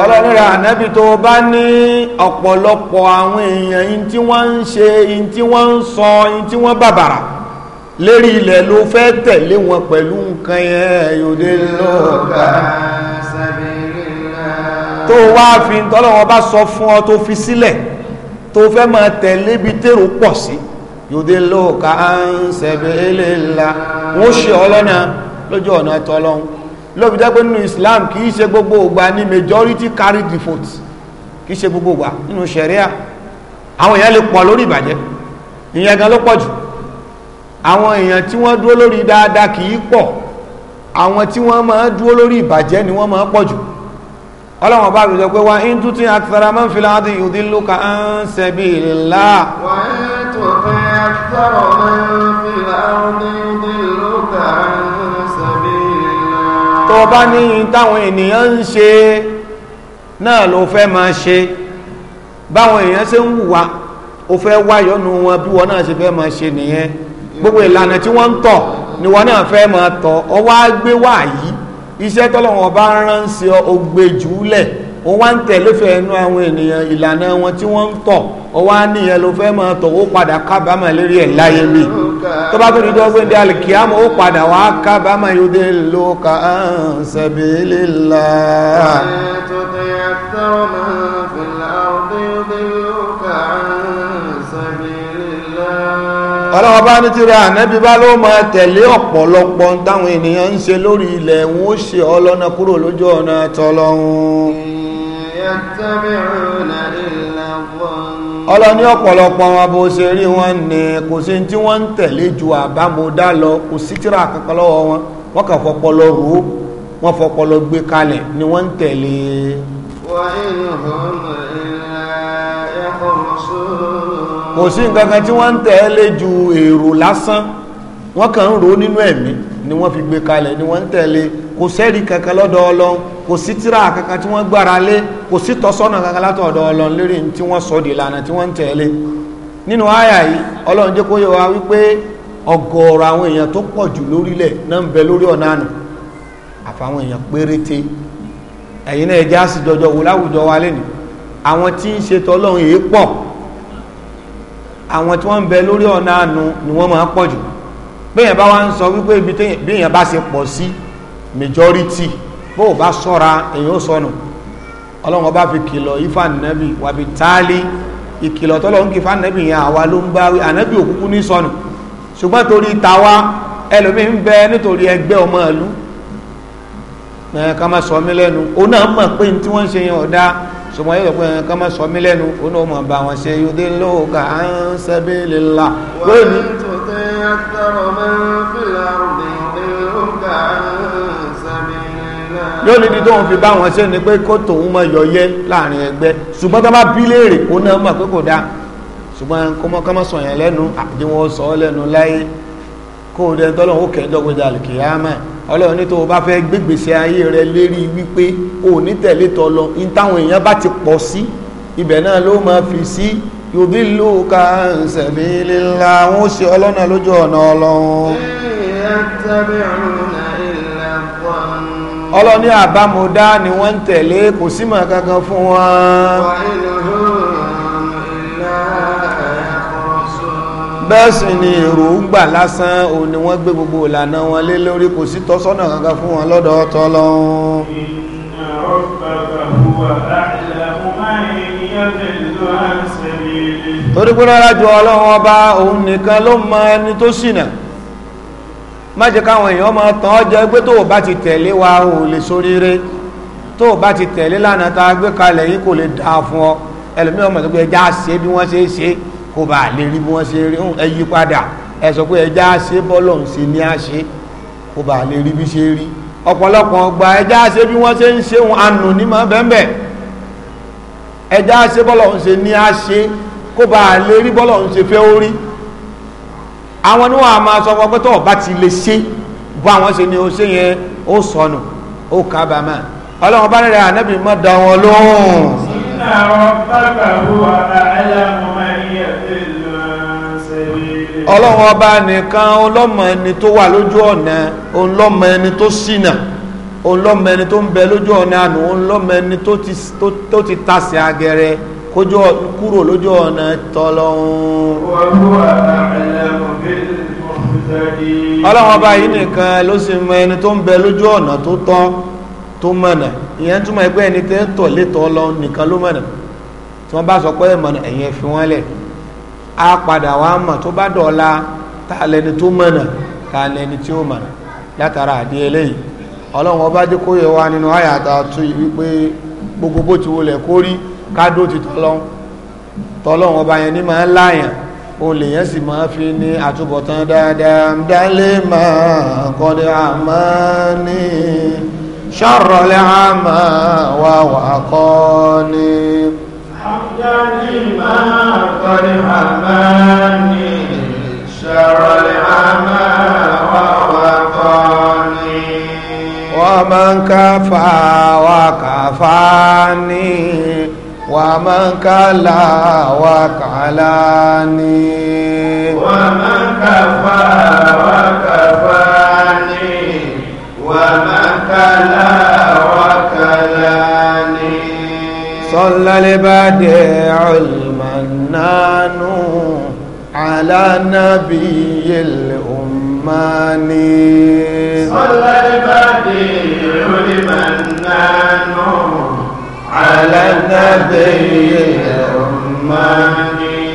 ọlọ́ni rẹ̀ ànẹ́bí tó bá ní ọ̀pọ̀lọpọ̀ àwọn èèyàn in tí wọ́n ń ṣe in tí wọ́n ń sọ in tí wọ́n bàbàrà lérí ilẹ̀ ló fẹ́ tẹ̀lé wọn pẹ̀lú nǹkan yẹn yóò dé lọ́ọ̀ká tó wá fi tọ́lọ́wọ́ bá sọ fún ọ tó fi sílẹ̀ tó fẹ́ máa tẹ̀lé bí tèrò pọ̀ sí yòdè lóòka ànsẹ̀bẹ̀ eléla wọ́n ṣe ọlọ́nà lójú ọ̀nà tọ́lọ́hún lóbi jẹ́ pé nínú Islam kìí ṣe gbogbo ògbà ní majority carry default, vote kìí ṣe gbogbo ògbà nínú ṣẹ̀ríà àwọn èèyàn lè pọ̀ lórí ìbàjẹ́ ìyẹn gan ló pọ̀ jù àwọn èèyàn tí wọ́n dúró lórí dáadáa kìí pọ̀ àwọn tí wọ́n máa dúró lórí ìbàjẹ́ ni wọ́n máa pọ̀ jù ọlọ́wọ́n bá mi sọ pé wá ń tún tí akitara máa ń fi láti yòdì lóka ń sẹ́bi ìlà. wà á tó fẹ́ akitara máa ń fi láti yòdì lóka ń sẹ́bi ìlà. tó o bá ní táwọn ènìyàn ń ṣe náà ló fẹ́ máa ṣe báwọn èèyàn ṣe ń hùwà ó fẹ́ wáyọ̀nù wọn bí wọn náà ṣe fẹ́ máa ṣe nìyẹn gbogbo ìlànà tí wọ́n ń tọ̀ ni wọn náà fẹ́ máa tọ̀ ọ wá gbé wá iṣẹ́ tọ́lọ́wọ́n bá ránṣẹ́ ogbe jùlẹ̀ ó wá ń tẹ̀lé fẹ́ ẹnu àwọn ènìyàn ìlànà wọn tí wọ́n ń tọ̀ ó wá níyẹn ló fẹ́ mọ́ tọ̀ ó padà kábàámà lérí ẹ̀ láyé mi tó bá tó ní tó gbé dálì kí á ó padà wá kábàámà yóò dé ló ka sabilillah. ọlọ́wọ́ bá ní tíra ànábí bá ló máa tẹ̀lé ọ̀pọ̀lọpọ̀ táwọn ènìyàn ń ṣe lórí ilẹ̀ wọn ó ṣe ọlọ́nà kúrò lójú ọ̀nà tọlọ́hun ọlọ́ni ọ̀pọ̀lọpọ̀ wọn bó ṣe rí wọn ní kò sí tí wọ́n ń tẹ̀lé ju lọ kò sí tíra wọn wọ́n fọpọlọ rò ó wọ́n fọpọlọ gbé kalẹ̀ ni wọ́n ń tẹ̀lé wọ́n ń kò sí nǹkan kan tí wọ́n ń tẹ̀lé ju èrò lásán wọ́n kàn ń rò nínú ẹ̀mí ni wọ́n fi gbé kalẹ̀ ni wọ́n ń tẹ̀lé kò sẹ́ẹ̀rí kankan lọ́dọ̀ ọlọ́run kò sí tíra kankan tí wọ́n gbára lé kò sí tọ́sọ́nà kankan látọ̀dọ̀ ọlọ́run lórí tí wọ́n sọ di ìlànà tí wọ́n ń tẹ̀lé nínú àyà yìí ọlọ́run jẹ́ kó yẹ wa wípé ọ̀gọ̀ọ̀rọ̀ àwọn èèyàn tó pọ̀ jù lórílẹ̀ náà ń bẹ lórí ọ̀nà àná àfàwọn èèyàn péréte ẹ̀yin náà ẹ̀jẹ̀ àsìjọjọ wò láwùjọ wa lẹ́nu àwọn tí ń ṣe tọ́lọ́run èé pọ̀ àwọn tí wọ́n ń bẹ lórí ọ̀nà àánú ni wọ́n máa pọ̀ jù bẹ́ẹ̀ bá wá ń sọ wípé ibi téèyàn bá ṣe pọ̀ sí majority bó o bá sọ́ra èèyàn ó sọnù ọlọ́run ọba fi kìlọ̀ ifá nàbì wàbí táálí ìkìlọ̀ tọ́lọ̀ ń kí ifá nàbì yẹn àwa ló ń bá wí ànábì òkúkú ní sọnù ṣùgbọ́n torí tàwa ẹlòmíì ń bẹ nítorí ẹgbẹ́ ọmọ ìlú ẹ̀ ká má sọ mí lẹ́nu òun náà mọ̀ pé ní tí wọ́n ń ṣe yẹn ọ̀dá ṣùgbọ́n yóò pé nǹkan mọ́ sọ mí lẹ́nu ó náà mọ̀ bá wọn ṣe yóò dé lóòkà á ń sẹ́bí lílà lónìí. lónìí ni tóun fi bá wọn ṣe ni pé kó tòun mọ yọ yẹ láàrin ẹgbẹ́ ṣùgbọ́n tó bá bí léèrè ó náà mọ̀ pé kò dáa ṣùgbọ́n kó mọ́ ká mọ́ sọ yẹn lẹ́nu àti sọ lẹ́nu láyé kó o dẹ́ tọ́lọ́ ó kẹ́ ẹjọ́ gbẹdẹ àlùkìyàmẹ́ ọlọ́run ní tó o bá fẹ́ gbégbèsè ayé rẹ lérí wípé o ní tẹ̀lé tọlọ in táwọn èèyàn bá ti pọ̀ sí ibẹ̀ náà ló máa fi sí yòdìlú ka ń sẹ̀mí lílá wọn ó ṣe ọlọ́nà lójú ọ̀nà ọlọ́run. ọlọ́ni àbámọ̀dá ni wọ́n ń tẹ̀lé kò símọ̀ kankan fún wọn. wà á ìlú bẹ́ẹ̀ sì ni èròǹgbà lásán ò ní wọ́n gbé gbogbo ìlànà wọn lé lórí kò sí tọ́sọ́nà kankan fún wọn lọ́dọ̀ ọ̀tọ̀ lọ́wọ́ torí pé rárá ju ọlọ́run ọba òun nìkan ló mọ ẹni tó ṣìnà má jẹ́ káwọn èèyàn máa tàn ọ́ pé tó o bá ti tẹ̀lé wa ò lè ṣoríire tó o bá ti tẹ̀lé lánàá tá a gbé kalẹ̀ yìí kò lè dáa fún ọ ẹlòmíràn mọ̀ tó gbé ẹja ṣe bí wọ́n ṣe é ṣe é kó bá lè rí bí wọ́n ṣe rí ẹ yí padà ẹ sọ pé ẹjá ṣe bọ́lọ̀ ń ṣe ní àṣe kó bá lè rí bí ṣe rí ọ̀pọ̀lọpọ̀ gba ẹjá ṣe bí wọ́n ṣe ń ṣe wọn anù ní mọ́ bẹ́ẹ̀ ẹjá ṣe bọ́lọ̀ ń ṣe ní àṣe kó bá lè rí bọ́lọ̀ ń ṣe fẹ́ orí àwọn ni wọ́n á máa sọ pé bá ti lè ṣe bá wọn ṣe ni ó ṣe yẹn ó sọnù ó kábàámà ọlọ́run bá rẹ̀ ànábì mọ́ da wọn lóhùn. sínú àwọn bàbá wo àlàyé àwọn ọlọ́run ọba nìkan ọlọ́mọ ẹni tó wà lójú ọ̀nà ọlọ́mọ ẹni tó ṣìnà ọlọ́mọ ẹni tó ń bẹ lójú ọ̀nà àná ọlọ́mọ ẹni tó ti tasẹ̀ agẹrẹ kójú kúrò lójú ọ̀nà tọ́lọ́hún. ọlọ́run ọba yìí nìkan ló sì mọ ẹni tó ń bẹ lójú ọ̀nà tó tọ́ tó mọ̀nà ìyẹn túmọ̀ ẹgbẹ́ ẹni tẹ́ tọ̀ létọ́ ọlọ́run nìkan ló mọ̀nà tí wọ́n bá sọ pé mọ̀nà ẹ̀yìn fi wọ́n lẹ̀ a padà wá mọ̀ tó bá dọ̀la ta lẹni tó mọ̀nà ta lẹni tí ó mọ̀nà látara àdí eléyìí ọlọ́run ọba jẹ́ kó yẹ wá nínú àyàtà tó yìí wípé gbogbo bó ti wọlẹ̀ kó rí kádó ti tọ́lọ́run tọ́lọ́run ọba yẹn ní máa ń láyàn olè yẹn sì máa fi ní àtúbọ̀tán dáadáa dálé máa kọ́dé àmá ní ṣọ́rọ̀lẹ́ àmá wà wà kọ́ ní. ومن كفى وكفاني ومن كلا وكلاني ومن كفى وكفاني ومن كلا وكلاني صلى لبديع المنان على نبي الأماني صلى لبديع المنان على نبي الأماني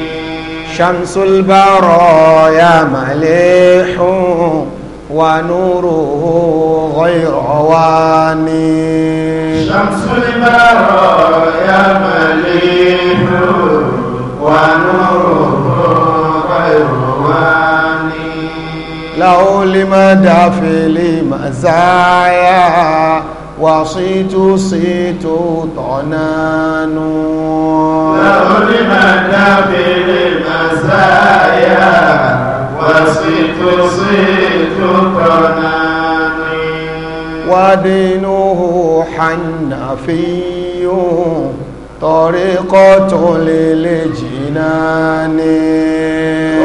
شمس البرايا مليح ونوره غير عواني شمس البراء يا مليح ونوره غير عواني له لمدى في المزايا وصيت صيت طعنان له لمدى في المزايا صيت سلطناني ودينه حنفي طريقة للجنان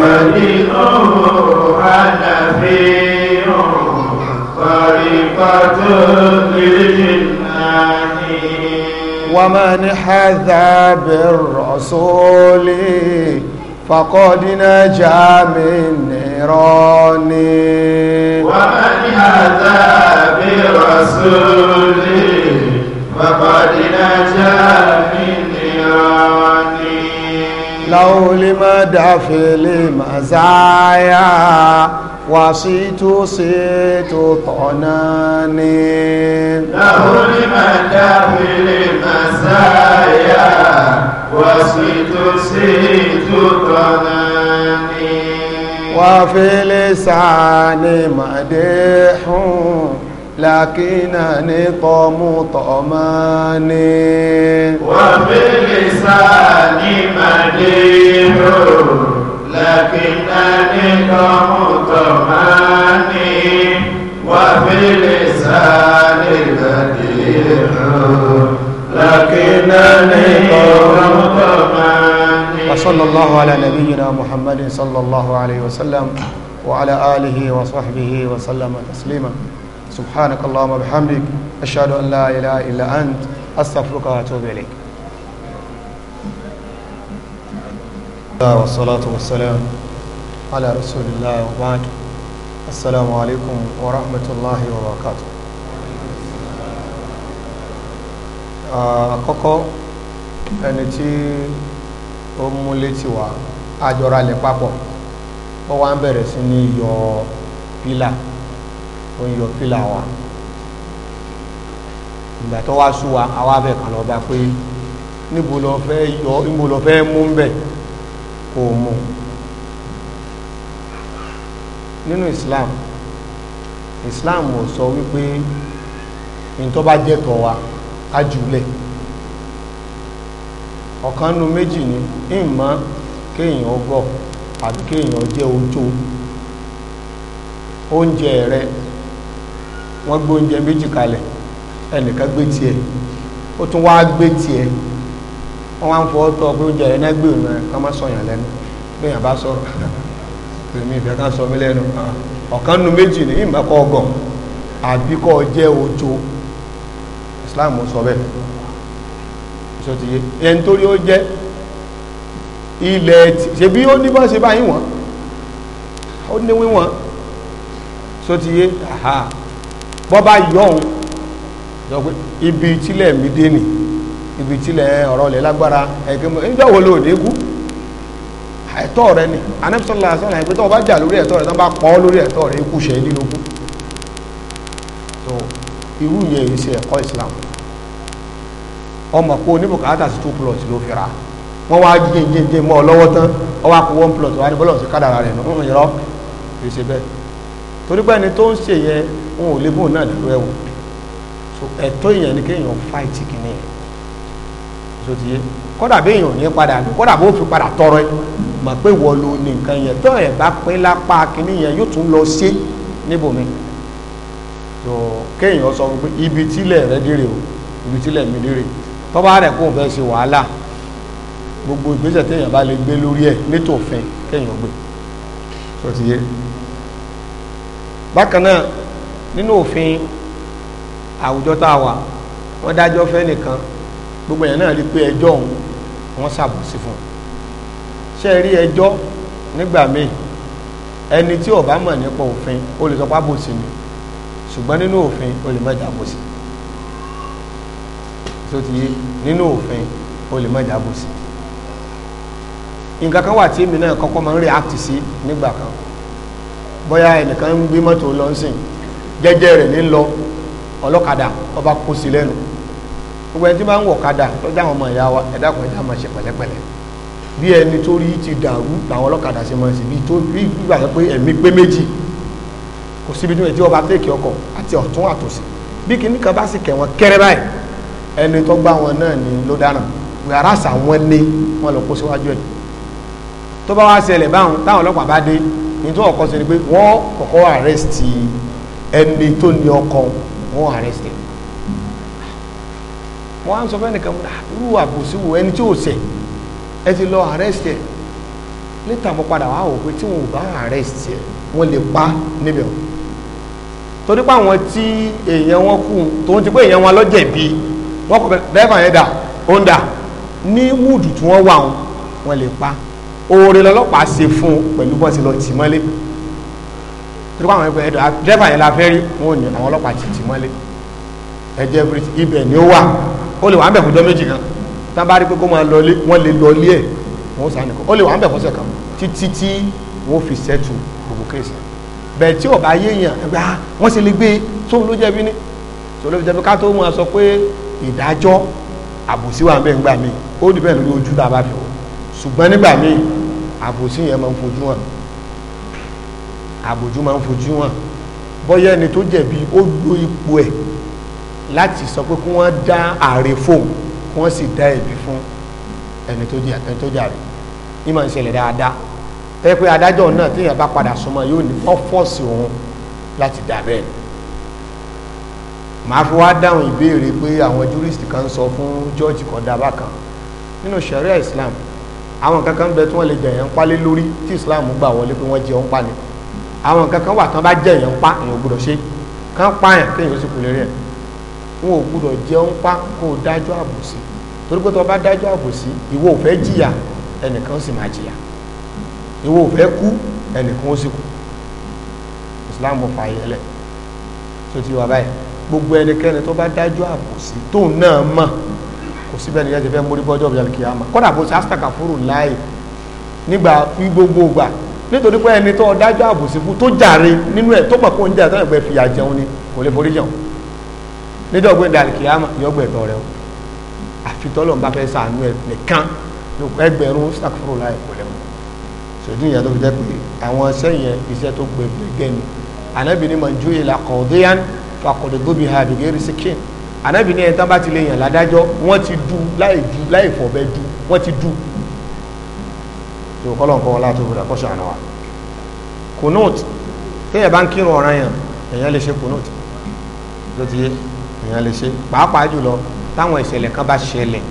ودينه حنفي طريقة للجنان ومن حذا بالرسول فقد نجا من نيران ومن أتى برسول فقد نجا من نيران لو لمدى في المزايا وصيت صيت طعناني له لمن داخل المسايا وصيت صيت طعناني وفي لساني مديح لكن طم طماني وفي لساني مديح لكنني كمتماني وفي لساني بديع لكنني كمتماني وصلى الله على نبينا محمد صلى الله عليه وسلم وعلى آله وصحبه وسلم تسليما سبحانك اللهم وبحمدك أشهد أن لا إله إلا أنت أستغفرك وأتوب إليك والصلاة والسلام على رسول الله وبعد السلام عليكم ورحمة الله وبركاته àkọ́kọ́ ẹni tí ó mú létí wa àjọra lẹ̀ papọ̀ ó wá ń bẹ̀rẹ̀ sí ní yọ pílà ó ń yọ pílà wa ìgbà tó wá sú wa àwa bẹ̀ kàn lọ́ba pé níbo lọ fẹ́ yọ níbo lọ fẹ́ mú ń bẹ̀ o mú nínú Islam Islam ò sọ wípé ìtọ́ bá jẹ́ tọ́ wa á méjì ni ìmọ̀ kéèyàn ọgọ́ àbí kéèyàn jẹ́ ojó oúnjẹ rẹ wọ́n gbé oúnjẹ méjì kalẹ̀ ẹnìkan gbé ẹ ó tún wá gbé ẹ wọ́n wá ń fọ́ tọ́ pé ó jẹ ẹ̀ náà gbèrò náà kọ́ mọ́ sọ̀yàn lẹ́nu bẹ́ẹ̀ bá sọ̀rọ̀ [laughs] èmi ìfẹ́ ká sọ mí lẹ́nu ọ̀kan nu méjì ní ìmọ̀kọ́ ọgàn àbí kọ́ jẹ́ ojo Islam sọ bẹ́ẹ̀ sọ ti yé ẹni torí ó jẹ́ ilẹ̀ ṣe bí ó ní bá ṣe báyìí wọ́n ó ní wíwọ́n sọ ti yé bọ́ bá yọ̀ ọ́n ibi tílẹ̀ mi dé nìí ibi tílẹ̀ ọ̀rọ̀ ilẹ̀ lágbára ẹ̀kẹ́ níjọ́ wo ló dé kú ẹ̀tọ́ rẹ ni anẹ́bísọ́lá sọ́nà ẹ̀pẹ́ tó bá jà lórí ẹ̀tọ́ rẹ tó bá pọ́ lórí ẹ̀tọ́ rẹ ikú ṣe nínú kú so irú yẹn yìí ṣe ẹ̀kọ́ Islam ọmọ kó ní bùkátà sí two plus ló fira wọ́n wá jíjẹjẹjẹ mọ́ ọ lọ́wọ́ tán ọwọ́ àpò one plus wà ní bọ́lọ̀ sí kádàrà rẹ̀ nù ń yọrọ kì í ṣe bẹ́ẹ̀ torí pé ẹni tó ń ṣe yẹ wọn ò lè bóun náà dúró ẹ̀wọ̀n so ẹ̀tọ́ ìyẹn ni kéèyàn fight kìíní so ti yé kódà béèyàn ò ní padà kódà bó fi padà tọrọ ẹ mọ̀ pé wọ́n lo ní nǹkan yẹn tó ẹ̀ bá pín lápá kínní yẹn yóò tún lọ sí níbòmí so kéèyàn sọ pé ibi tílẹ̀ rẹ dére o ibi tílẹ̀ mi dére tó bá rẹ̀ kó fẹ́ ṣe wàhálà gbogbo ìgbésẹ̀ téèyàn bá lè gbé lórí ẹ̀ nítòfin kéèyàn gbé so ti yé bákan náà nínú òfin àwùjọ tá a wà wọ́n dájọ́ fẹ́ nìkan gbogbo èèyàn náà rí pé ẹjọ́ òun wọ́n ṣàbòsí fún un ṣé ẹ rí ẹjọ́ nígbà míì ẹni tí ò bá mọ̀ nípa òfin ó lè sọ pé àbòsí ni ṣùgbọ́n nínú òfin ó lè mọ̀jà àbòsí tó ti yé nínú òfin ó lè mọ̀jà àbòsí nǹkan kan wà tí èmi náà kọ́kọ́ máa ń react sí nígbà kan bóyá ẹnìkan ń gbé mọ́tò lọ́nsìn jẹ́jẹ́ rẹ̀ ní lọ ọlọ́kadà ọba kó sí lẹ́nu gbogbo ẹni tí máa ń wọ̀ kadà lọ́jà àwọn ọmọ ìyá wa ẹ̀dá kan ẹ̀dá máa ṣe pẹ̀lẹ́pẹ̀lẹ́ bí ẹni tó rí ti dàrú làwọn ọlọ́kadà ṣe máa ń ṣe bí tó bí gbà pé ẹ̀mí pé méjì kò síbi tí wọ́n ti wọ́n bá fẹ́ẹ̀kì ọkọ̀ àti ọ̀tún àtòsí bí kìíní kan bá sì kẹ̀ wọ́n kẹ́rẹ́ báyìí ẹni tó gbá wọn náà ni ló dáràn yàrá sà wọ́n lé wọn lọ kó síwájú ẹ̀ tó bá wá ṣẹlẹ̀ báwọn táwọn ọlọ́pàá bá dé ní tó ọkọ̀ ṣe ni pé wọ́n kọ́kọ́ arrest ẹni tó ní ọkọ̀ wọ́n arrest ẹ̀ wọ́n á ń sọ fẹ́ nìkan irú àgbòsíwò ẹni tí ò ṣẹ̀ ẹ ti lọ arrest ẹ̀ létà mo padà wá wò pé tí wọn ò bá arrest ẹ̀ wọ́n lè pa níbẹ̀ o torí pé àwọn tí èèyàn wọn kú tó ń ti pé èèyàn wọn lọ́jẹ̀bi wọ́n kò dẹ́fà yẹn dà ó ń dà ní múùdù tí wọ́n wà wọ́n lè pa oore lọ́lọ́pàá ṣe fún un pẹ̀lú bọ́sì lọ tì mọ́lé torí pé àwọn ẹgbẹ́ ẹ̀dọ̀ dẹ́fà yẹn la fẹ́ rí wọn ò ní àwọn ọlọ́pàá ti tì mọ́lé ẹ̀jẹ̀ ibẹ̀ ni ó wà ó lè wà ń bẹ̀ fún ọjọ́ méjì kan tá a bá rí pé kó máa lọlé wọ́n lè lọlé ẹ̀ wọ́n sàn nìkan ó lè wà ń bẹ̀ fọ́sẹ̀ kan títí tí wọ́n fi sẹ́tù gbogbo kéèsì bẹ́ẹ̀ tí ọba yéèyàn ẹgbẹ́ ah wọ́n sì lè gbé tóun e, ló jẹ̀bi ní tóun ló jẹ̀bi ká tó máa sọ pé ìdájọ́ àbòsí wà ń bẹ̀ ńgbà míì ó dì bẹ́ẹ̀ lórí ojú tá fi wò ṣùgbọ́n nígbà míì àbòsí yẹn máa ń fojú hàn àbòjú máa ń fojú hàn bọ́yá ẹni tó jẹ̀bi ó lo ipò ẹ̀ láti sọ pé kí wọ́n dá ààrẹ fóun kí wọ́n sì dá ẹ̀bí fún ẹni tó jẹ ẹni tó jàre ní màá ń ṣẹlẹ̀ dáadáa tẹ́ pé adájọ́ náà téèyàn bá padà súnmọ́ yóò ní ọ́fọ́ọ̀sì òun láti dà bẹ́ẹ̀ màá fi wá dáhùn ìbéèrè pé àwọn jurist kan sọ fún jọ́ọ̀jì kan dábà kan nínú sẹ̀ríà Islam àwọn kankan bẹ tí wọ́n lè jẹ̀yàn pálé lórí tí Islam gbà wọlé pé wọ́n jẹ òun pálé àwọn kankan wà tán bá jẹ̀yàn pa èèyàn gbọdọ̀ ṣe kán pààyàn kéèyàn ó sì kú lérí ẹ̀ wọn ò gbúdọ̀ jẹun pa kó o dájọ́ àbòsí torí pé tó o bá dájọ́ àbòsí ìwọ ò fẹ́ jìyà ẹnìkan ó sì máa jìyà ìwọ ò fẹ́ kú ẹnìkan ó sì kú Islam ò fà yẹlẹ tó ti wà báyìí gbogbo ẹnikẹ́ni tó bá dájọ́ àbòsí tóun náà mọ̀ kò síbẹ̀ nìyẹn ti fẹ́ mórí bọ́jọ́ bí alikiyama kọ́dà bó ti asitaka fúru láàyè nígbà fi gbogbo gbà nítorí pé ẹni tó dájọ́ àbòsí fún tó jàre nínú ẹ̀ tó pọ̀ kó ń jẹ́ àtàwọn ẹgbẹ́ fìyà jẹun ni kò lè forí jẹun níjọ́ gbé dàlìkìyàmà yóò gbẹ̀tọ̀ rẹ o àfitọ́lọ̀ bá fẹ́ sàánú ẹ nìkan ẹgbẹ̀rún sàkúrò láì kò lẹ́mọ̀ sòdí ìyá tó fi jẹ́ pé àwọn iṣẹ́ yẹn iṣẹ́ tó gbé gbẹ̀gẹ́ ni ànábì ni màá ju ìlà kọ̀ọ̀déyàn fàkọ̀dé gómi ha àbígẹ́ rìsíkìn ànábì ni ẹ̀ńtán bá ti lè yàn ládájọ́ wọ́n ti du láì du láì fọ̀bẹ́ du wọ́n ti du tó kọ́lọ̀ nǹkan wọn láti òbúdà kọ́ṣọ́ àná wa kùnúùtì téèyàn bá ń kírun ọ̀ràn yàn èèyàn lè ṣe kùnúùtì ló ti yé èèyàn lè ṣe pàápàá jùlọ táwọn ìṣẹ̀lẹ̀ kan bá ṣẹlẹ̀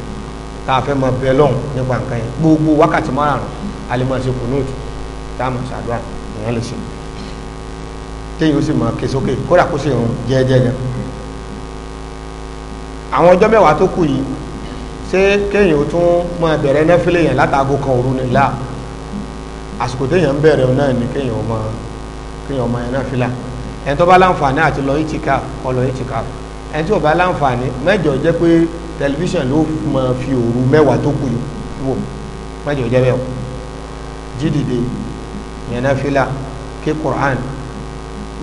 tá a fẹ́ mọ bẹ lọ́hùn nípa nǹkan yẹn gbogbo wákàtí márùn-ún a lè máa ṣe kùnúùtù tá a máa ṣàdúrà èèyàn lè ṣe téèyàn ó sì máa ké sókè kódà kó ṣe ìrun jẹ́ẹ́jẹ́ gan àwọn ọjọ́ mẹ́wàá tó kù yìí ṣé kéèyàn ó tún máa bẹ̀rẹ̀ náfìlẹ̀ yẹn látàgò kan òru nílá àsìkò téèyàn ń bẹ̀rẹ̀ náà ni kéèyàn ó kéèyàn ó máa yẹn náfìlà ẹni tó bá láǹfààní àti lọ ìtìká kó lọ ẹni tí ò bá láǹfààní mẹ́jọ jẹ́ pé tẹlifíṣàn ló mọ fi òru mẹ́wàá tó kù yìí wò mẹ́jọ jẹ́ bẹ́ẹ̀ o jídìde yànnáfílà ké Qur'an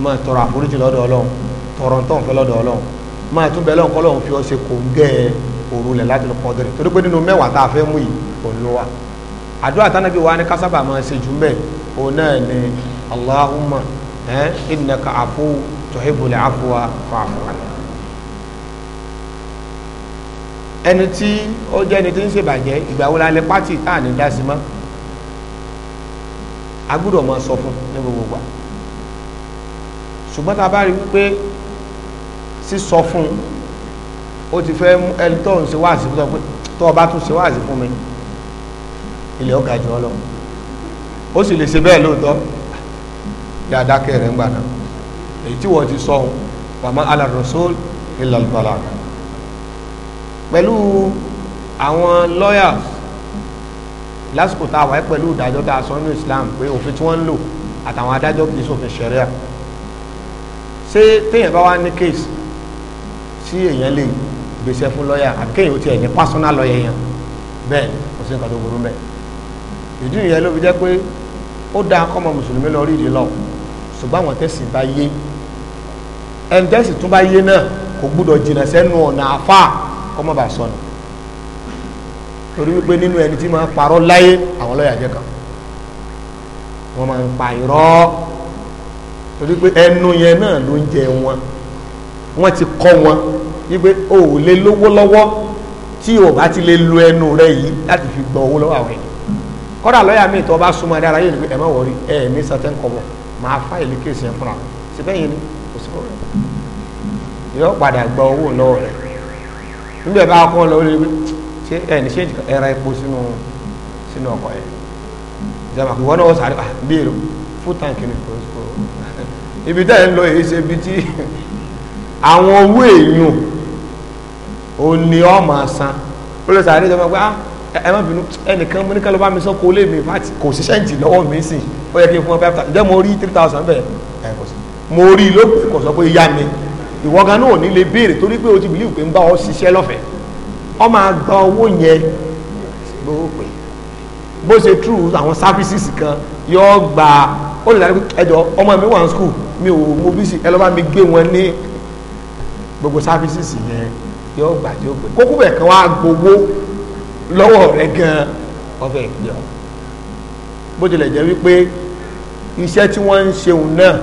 máa tọrọ àforíjì lọ́dọ̀ Ọlọ́run tọrọ ntọ́ nfẹ́ lọ́dọ̀ Ọlọ́run máa tún bẹ́ẹ̀ lọ́n kọ́ lọ́run fi ọ́ ṣe kò ń gẹ́ òru lẹ̀ láti lọ́kọ́ dẹ̀rẹ̀ torí pé nínú mẹ́wàá tá a fẹ́ mú yìí kò ń lọ wa àdúrà tánàbí wa ni kásábà máa ṣe jù mbẹ́ òun náà ni Allahumma ẹ̀ innaka afu tuhibbul afwa fa'fu anni. ẹni tí ó jẹ́ ẹni tí ń ṣèbàjẹ́ ìgbà wo la lẹ pátì tá à ní dá sí mọ́ a gbọ́dọ̀ máa sọ fún ní gbogbo wa ṣùgbọ́n tá a bá rí wípé sísọ fún ó ti fẹ́ ẹni tó ń ṣe wáàsí fún ọ tó o bá tún ṣe wáàsí fún mi ilé ọ̀gá jù ọ lọ ó sì lè ṣe bẹ́ẹ̀ lóòótọ́ yà rẹ̀ ń gbà náà èyí tí wọ́n ti sọ wàmọ́ alárọ̀sọ́ọ̀lù ìlàlùbọ̀là pẹ̀lú àwọn lawyers lásìkò tá a wáyé pẹ̀lú ìdájọ́ tá a sọ nínú Islam pé òfin tí wọ́n ń lò àtàwọn adájọ́ kì í ṣòfin ṣẹ̀ríà ṣé téèyàn bá wá ní case sí èèyàn lè gbèsè fún lọ́yà àbí kéèyàn ó tiẹ̀ ní personal lọ́yà yẹn bẹ́ẹ̀ kò sí nǹkan tó burú mẹ́ ìdí ìyẹn ló fi jẹ́ pé ó dáa kọ́mọ mùsùlùmí lọ rí ìdí lọ ṣùgbọ́n àwọn tẹ̀sí bá yé ẹni tẹ̀sí tún bá yé náà kò gbúdọ̀ jìnnà sẹ́nu ọ̀nà àfáà kọ́mọ́ bá sọnù torí wípé nínú ẹni tí máa parọ́ láyé àwọn lọ́yà jẹ́ kan wọ́n máa ń pa irọ́ torí pé ẹnu yẹn náà ló ń jẹ wọn wọ́n ti kọ́ wọn wípé o ò lè lówó lọ́wọ́ tí o bá ti lè lo ẹnu rẹ yìí láti fi gbọ́ owó lọ́wọ́ àwọn ènìyàn kọ́dà lọ́yà mi tó bá súnmọ́ dára yìí ni pé ẹ má wọrí ẹ ní sátẹ́ ń kọ́bọ̀ máa fá ìlú kéèsì yẹn fúnra síbẹ̀ yìí ni kò sí kọ́ rẹ̀ yọ padà gba owó lọ́wọ́ rẹ̀ níbẹ̀ bá kọ́ lọ ó lè gbé ṣé ẹ̀ ní ṣé ẹ̀ra epo sínú sínú ọkọ̀ yẹn ìjọba ah, kò wọ́n náà sáré à bíèrò fún tàǹkì ní kòsìkò [laughs] ibi tẹ́ ń lọ èyí ṣe bí tí [laughs] àwọn owó èèyàn ò ní ọmọ san ó lè sáré ìjọba pé ah, ẹ má bínú ẹnìkan mo ní kálọ́ bá mi sọ kó lè mi fàtí kò sí sẹ́ǹtì lọ́wọ́ mi sìn ó yẹ kí n fún ọ five thousand ǹjẹ́ mo rí three thousand bẹ́ẹ̀ ẹ̀ kò sí mo rí lópin kò sọ pé yá mi ìwọ gan náà ní lè béèrè torí pé o ti bìlíwù pé ń bá ọ ṣiṣẹ́ lọ́fẹ̀ẹ́ ọ máa gba owó yẹn gbowó pé bó ṣe true àwọn services kan yóò gba ó lè dárí pé ẹjọ ọmọ mi wà ní school mi ò mo bí sí ẹ lọ́ bá mi gbé wọn ní gbogbo services yẹn yóò gbà tí ó pè kókó bẹ̀ kan wá gbowó lọ́wọ́ rẹ gan ọbẹ̀ ìpè ọ bó tilẹ̀ jẹ́ wípé iṣẹ́ tí wọ́n ń ṣeun náà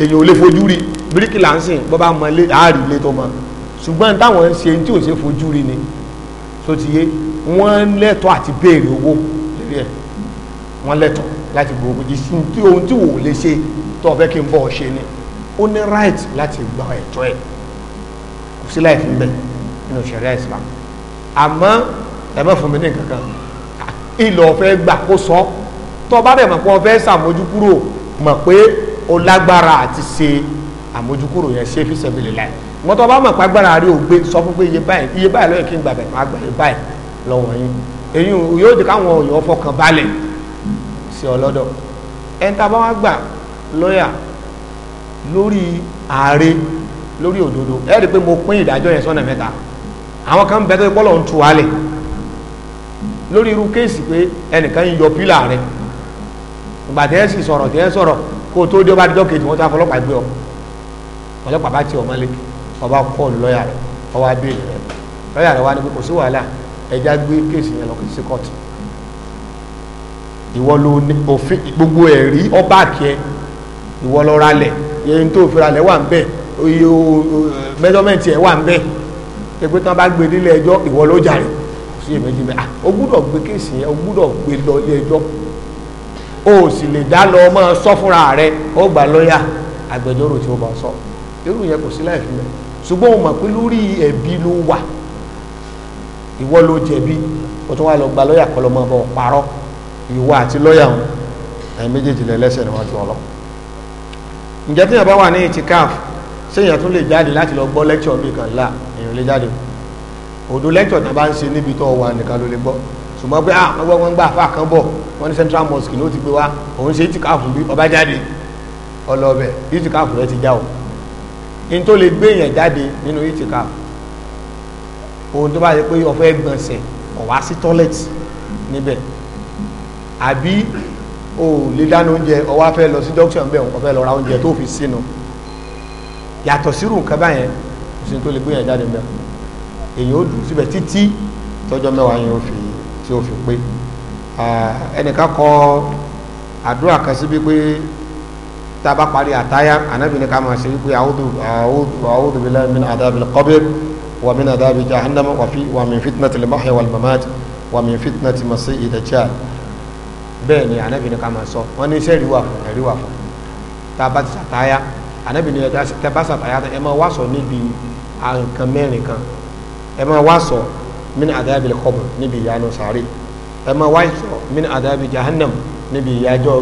èyí ò lè fojú rí bíríkì là ń sìn bọ́ bá mọ ilé àárí ilé tó mọ ṣùgbọ́n táwọn ń ṣe tí ò ṣe fojú rí ni tó ti yé wọ́n lẹ́tọ̀ọ́ àti béèrè owó lérí ẹ̀ wọ́n lẹ́tọ̀ọ́ láti gbogbo jí sí tí ohun tí wò lè ṣe tó ọ̀fẹ́ kí n bọ̀ ṣe ni ó ní right láti gba ẹ̀tọ́ ẹ̀ kò sí láì fún bẹ́ẹ̀ nínú ṣẹ̀ríà Islam àmọ́ ẹ má fún mi ní nǹkan kan ìlọ ọ̀fẹ́ gbà kó sọ tó o bá dẹ̀ mọ̀ pé o fẹ́ ṣàmójú kúrò mọ̀ pé o lágbára àti ṣe àmójúkúrò yẹn ṣé fi sẹ́bìlì láì wọ́n tó bá mọ̀ pàgbára rí ògbé sọ fún pé iye báyìí iye báyìí lọ́yẹ̀ kí n gbàgbẹ́ máa gbà iye báyìí lọ́wọ́ yín èyí yóò jẹ́ káwọn òyìnbó fọkàn balẹ̀ sí ọlọ́dọ̀ ẹni tá a bá wá gbà lọ́yà lórí ààrẹ lórí òdodo ẹ rí i pé mo pín ìdájọ́ yẹn sọ́nà mẹ́ta àwọn kan bẹ tó ń pọ́lọ̀ ń tu alẹ̀ lórí irú kéèsì pé ẹnìkan ń yọ pílà rẹ̀ ìgbà tẹ́ ẹ sì sọ̀rọ̀ tẹ́ ẹ sọ̀rọ̀ kó o tó dé ọba àdìjọ́ kejì wọn tó afọlọ́pàá gbé ọ ọlọ́pàá bá ti ọmọ lé ọba kọ́ọ̀lù lọ́ọ̀yà rẹ̀ ọwọ́ abéèrè rẹ̀ lọ́ọ̀yà rẹ̀ wá ní pé kò sí wàhálà ẹja gbé kéèsì yẹn lọ kò sí kóòtù ìwọ ló ní òfin gbogbo ẹ̀rí ọba àkẹ́ ìwọ lọ ralẹ̀ yẹn tó fi ralẹ̀ wà ń bẹ̀ oye mẹ́tọ́mẹ́ntì ẹ̀ wà ń bẹ̀ ẹgbẹ́ tán bá gbé nílé ẹjọ́ ìwọ ló jàre kò sí èméjì bẹ́ẹ̀ o gbúdọ̀ gbé kéèsì yẹn o gbúdọ̀ gbé lọ ilé ẹjọ́ o sì lè dá lọ ọmọ sọ fúnra rẹ ó gbà lọ́ọ̀yà agbẹjọ́rò tí ó bá sọ. So irú yẹn kò sí láì fi mẹ́ ṣùgbọ́n o mọ̀ pé lórí ẹ̀bi ló wà ìwọ ló jẹ̀bi o tún wá lọ gba lọ́ọ̀yà kọ́ lọ́mọ bọ̀ parọ́ ìwọ àti lọ́ọ̀yà wọn ẹ̀yin méjèèjì lẹ́lẹ́sẹ̀ níwájú ọlọ́ ǹjẹ́ tí yẹn bá wà ní itikaf sẹ́yìn tún lè jáde láti lọ gbọ́ lẹ́kṣọ̀ bí kan là èèyàn lè jáde òdo lẹ́kṣọ̀ tá a bá ń ṣe níbi tó wà nìkan ló lè gbọ́ ṣùgbọ́n pé àwọn ọgbọ́n wọn gbà fà kan bọ̀ wọ́n ní central mosque ló ti gbé wa òun ṣe itikaf bí ọba jáde ọlọ́ọ̀bẹ̀ itikaf rẹ ti já o in tó lè gbé èèyàn jáde nínú itikaf ohun tó bá yẹ pé ó fẹ́ gbọ̀nsẹ̀ ó wá sí tọ́lẹ̀tì níbẹ̀ àbí o lè dáná oúnjẹ ó wá fẹ́ lọ sí dókítà ńbẹ̀ ó fẹ́ lọ ra oúnjẹ tó fi sínú yàtọ̀ sírù nǹkan báyẹn kò sí tó lè gbé èèyàn jáde ńbẹ̀ èèyàn ó dùn síbẹ̀ títí tọ́jọ́ mẹ́wàá yẹn ó fi tí ó fi pé ẹnìkan kọ àdúrà kan síbi pé tá a bá parí àtáyà ànábì ní ká máa ṣe wípé a'udhu a'udhu billahi min adhabil qabr wa min adhabi jahannam wa fi wa min fitnatil mahya wal mamat wa min fitnati masiihid dajjal bẹ́ẹ̀ ni ànábì ní ká máa sọ wọ́n ní iṣẹ́ ìrìwà fún ẹ̀ríwà fún tá a bá ti ṣàtáyà ànábì ní ẹ̀dá tẹ́ bá ṣàtáyà ẹ máa wá sọ níbi nǹkan mẹ́rin kan ẹ máa wá sọ min adabil qabr níbi ìyanu sáré ẹ máa wá sọ min adabi jahannam níbi ìyájọ́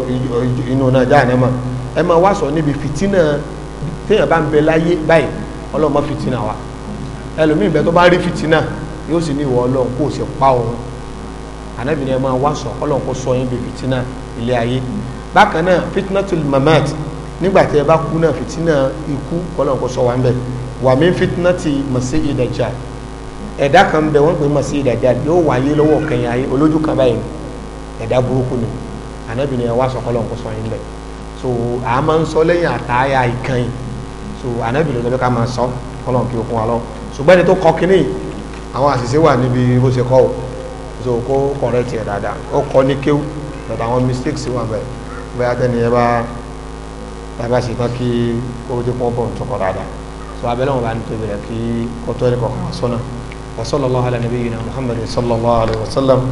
inú náà jahannama ẹ máa wá sọ níbi fìtínà téèyàn bá ń bẹ láyé báyìí ọlọ́run má fìtínà wa ẹlòmíì bẹ tó bá rí fìtínà yóò sì ní ìwọ ọlọ́run kó o sì pa òun ànábì ni ẹ máa wá sọ ọlọ́run kó sọ yín bí fìtínà ilé ayé bákan náà fitnatul mamat nígbà tí ẹ bá kú náà fìtínà ikú ọlọ́run kó sọ wá ń bẹ wà mí fitnati masih dajjal ẹ̀dá kan bẹ wọ́n pè masih dajjal yóò wáyé lọ́wọ́ kẹyìn ayé olójú kan báyìí ẹ̀dá burúkú ni ànábì ni ẹ wá sọ ọlọ́run kó sọ yín bẹ́ẹ̀ so a máa ń sọ lẹ́yìn àtàyà ìkànnì so ànábì ló sọ pé ká máa sọ kọ́lọ̀ kí okun wa lọ ṣùgbọ́n ẹni tó kọ kínní àwọn àṣìṣe wà níbi bó ṣe kọ́ o so kó correct ẹ̀ dáadáa ó kọ́ ní kéw but àwọn mistakes wà bẹ́ẹ̀ bóyá tẹ́ni ẹ bá tàbí àṣìṣe kan kí kó o ti pọ́n pọ́n tó kọ́ so abẹ́lẹ́ wọn bá ní tóbi rẹ̀ kí kó tó ẹni kọ̀ọ̀kan sọ́nà wa sallallahu ala wa sallam